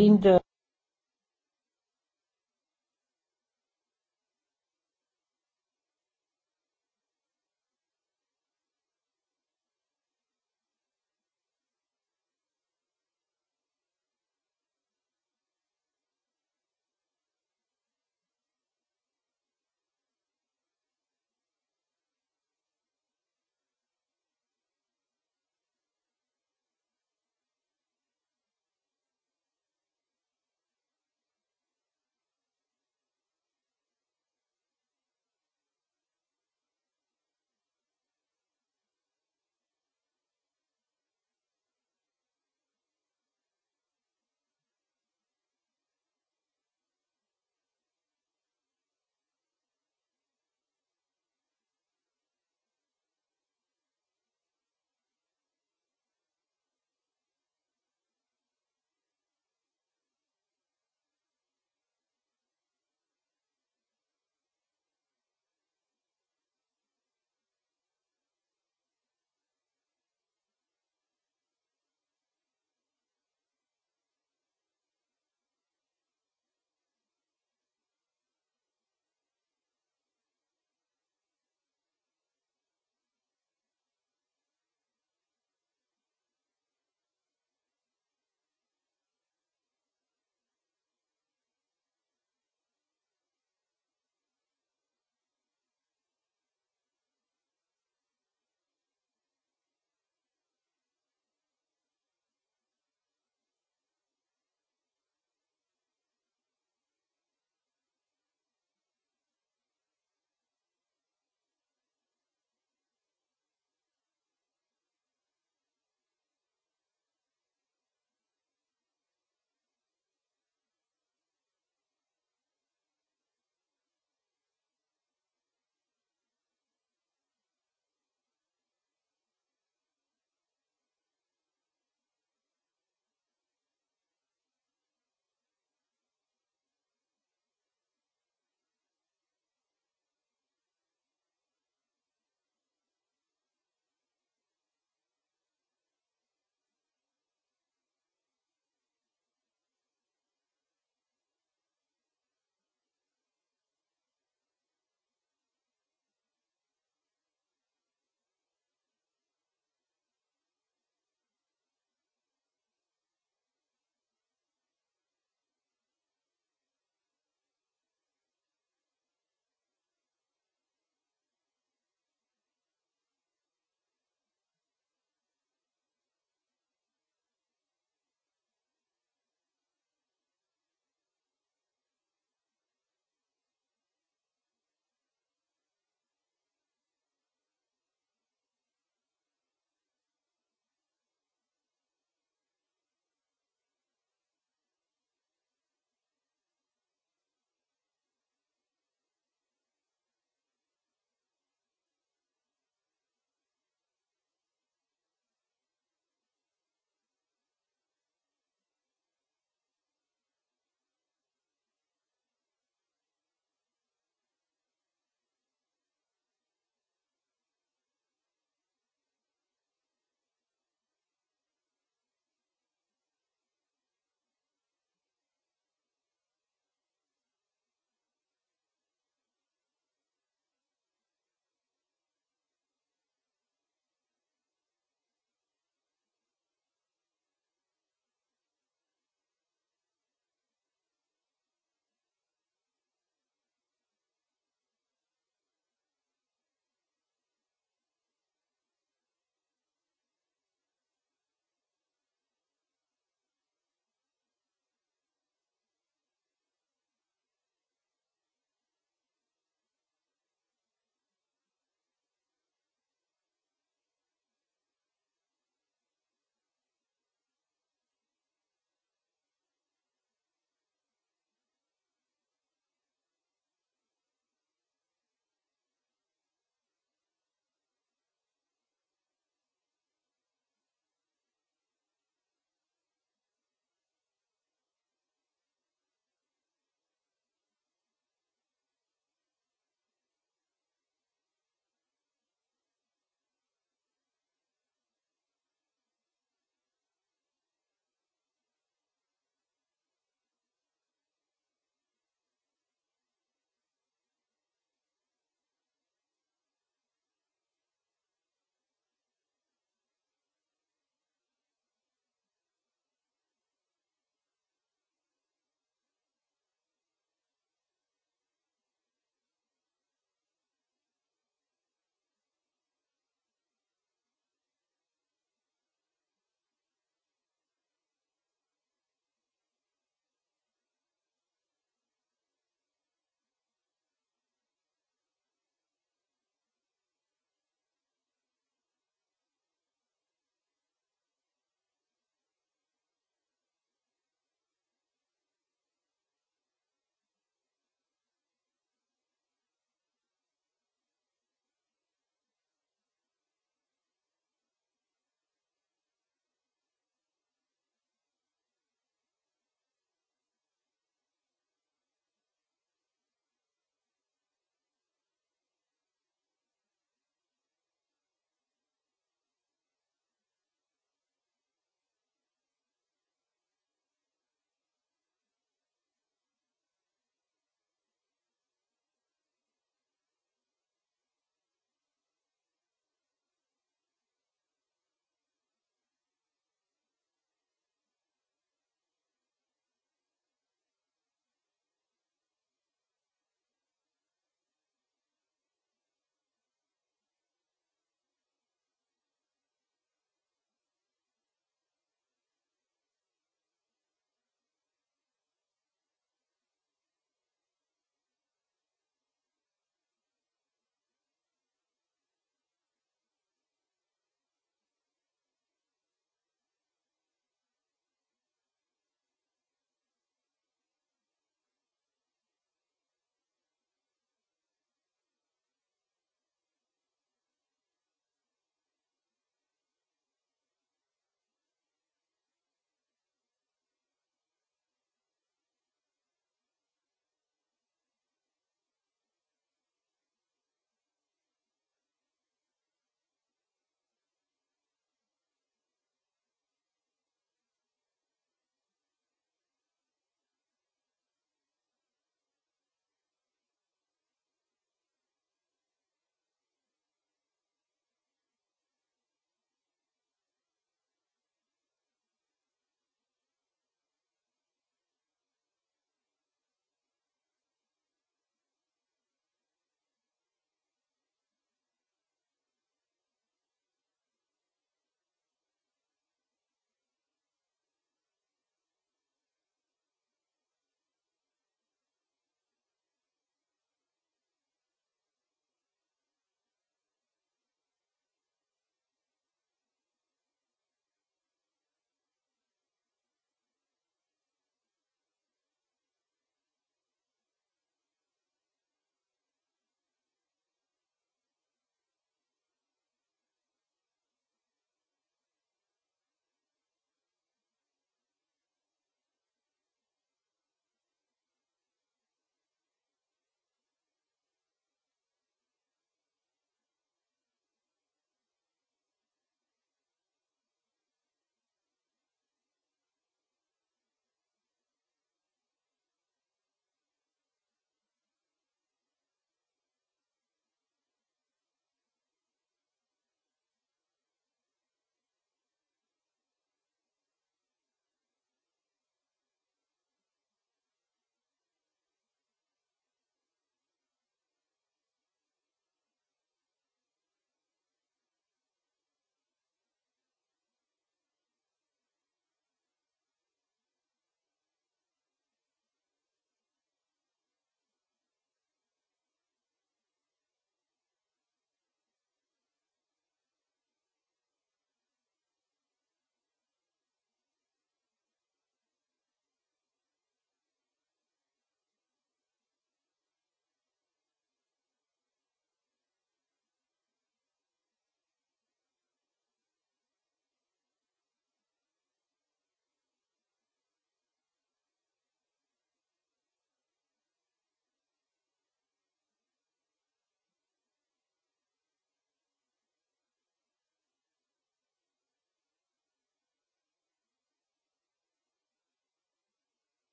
privind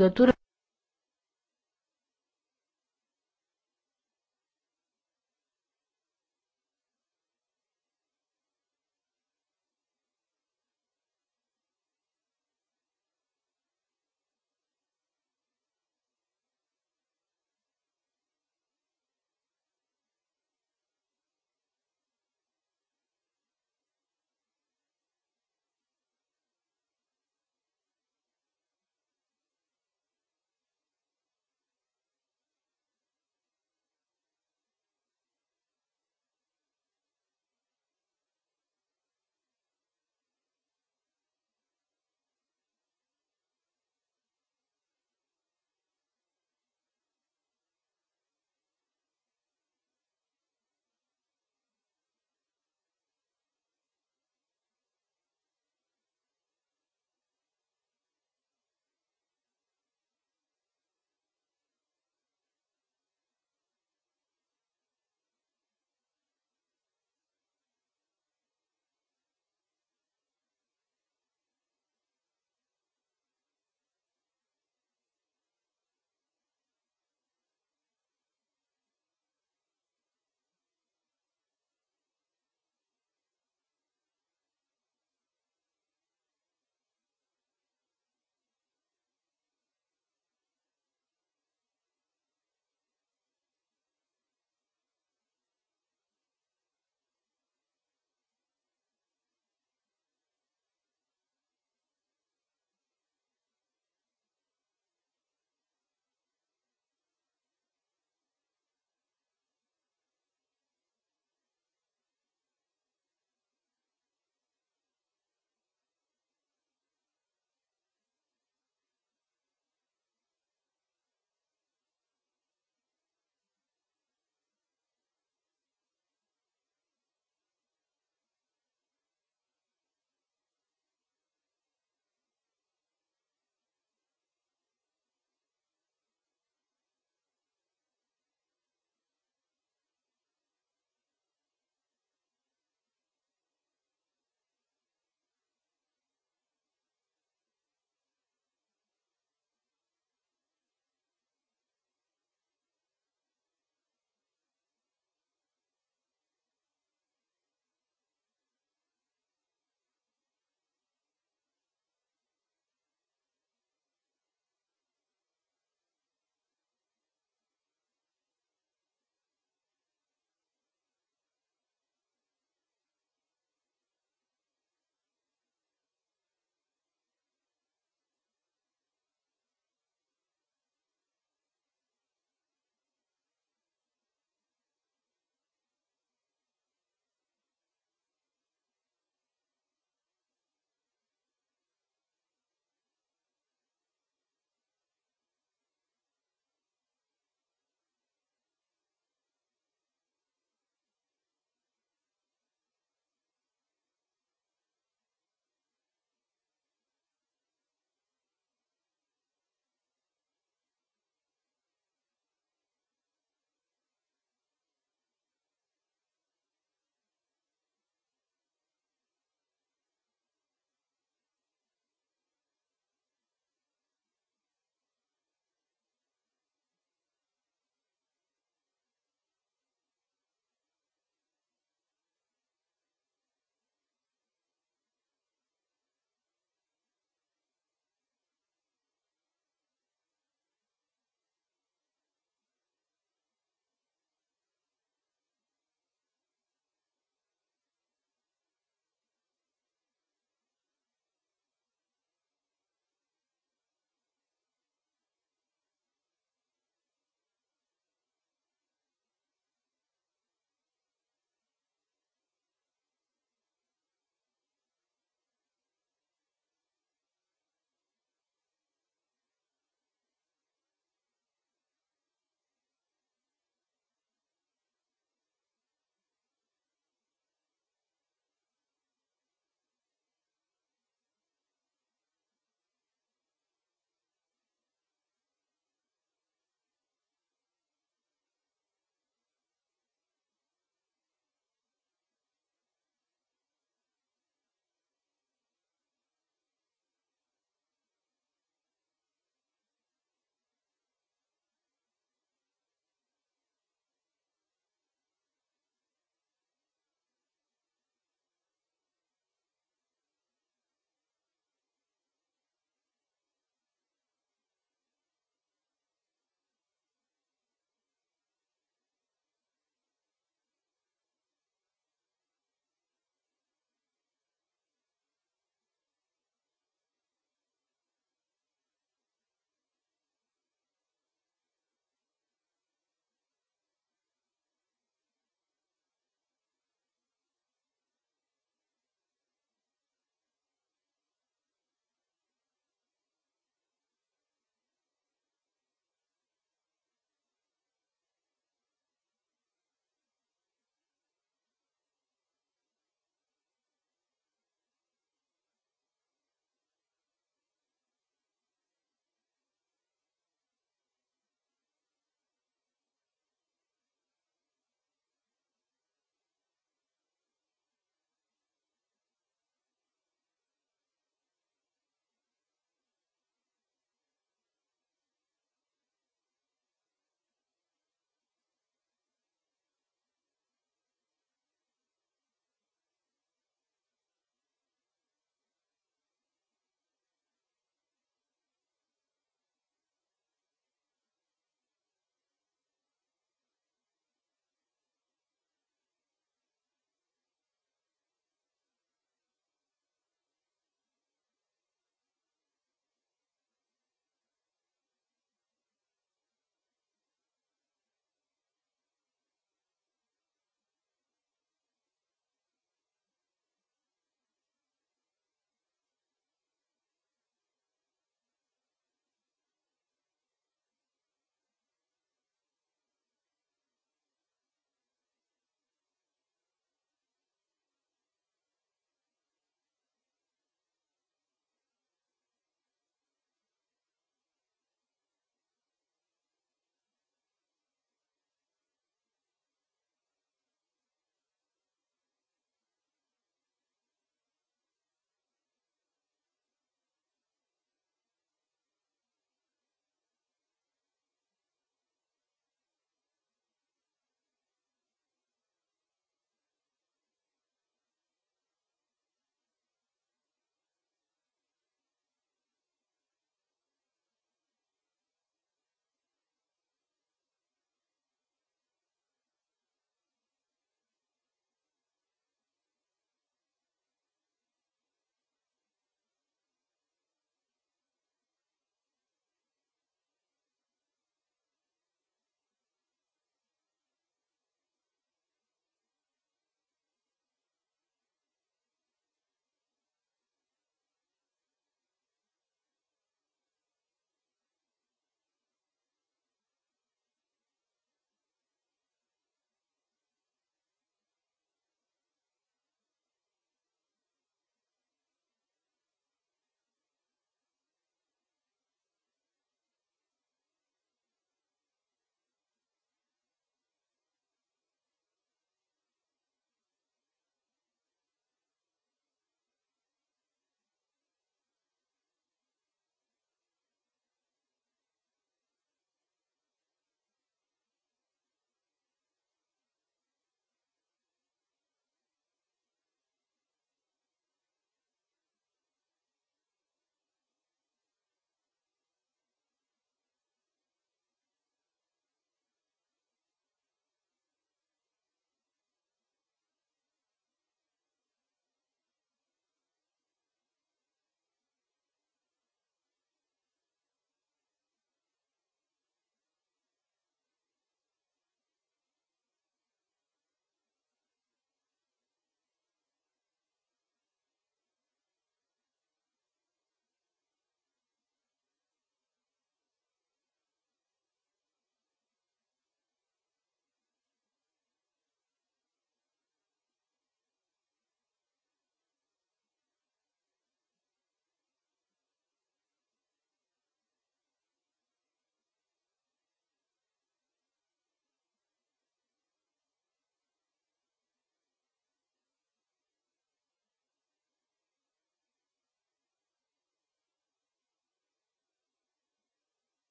legătură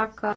că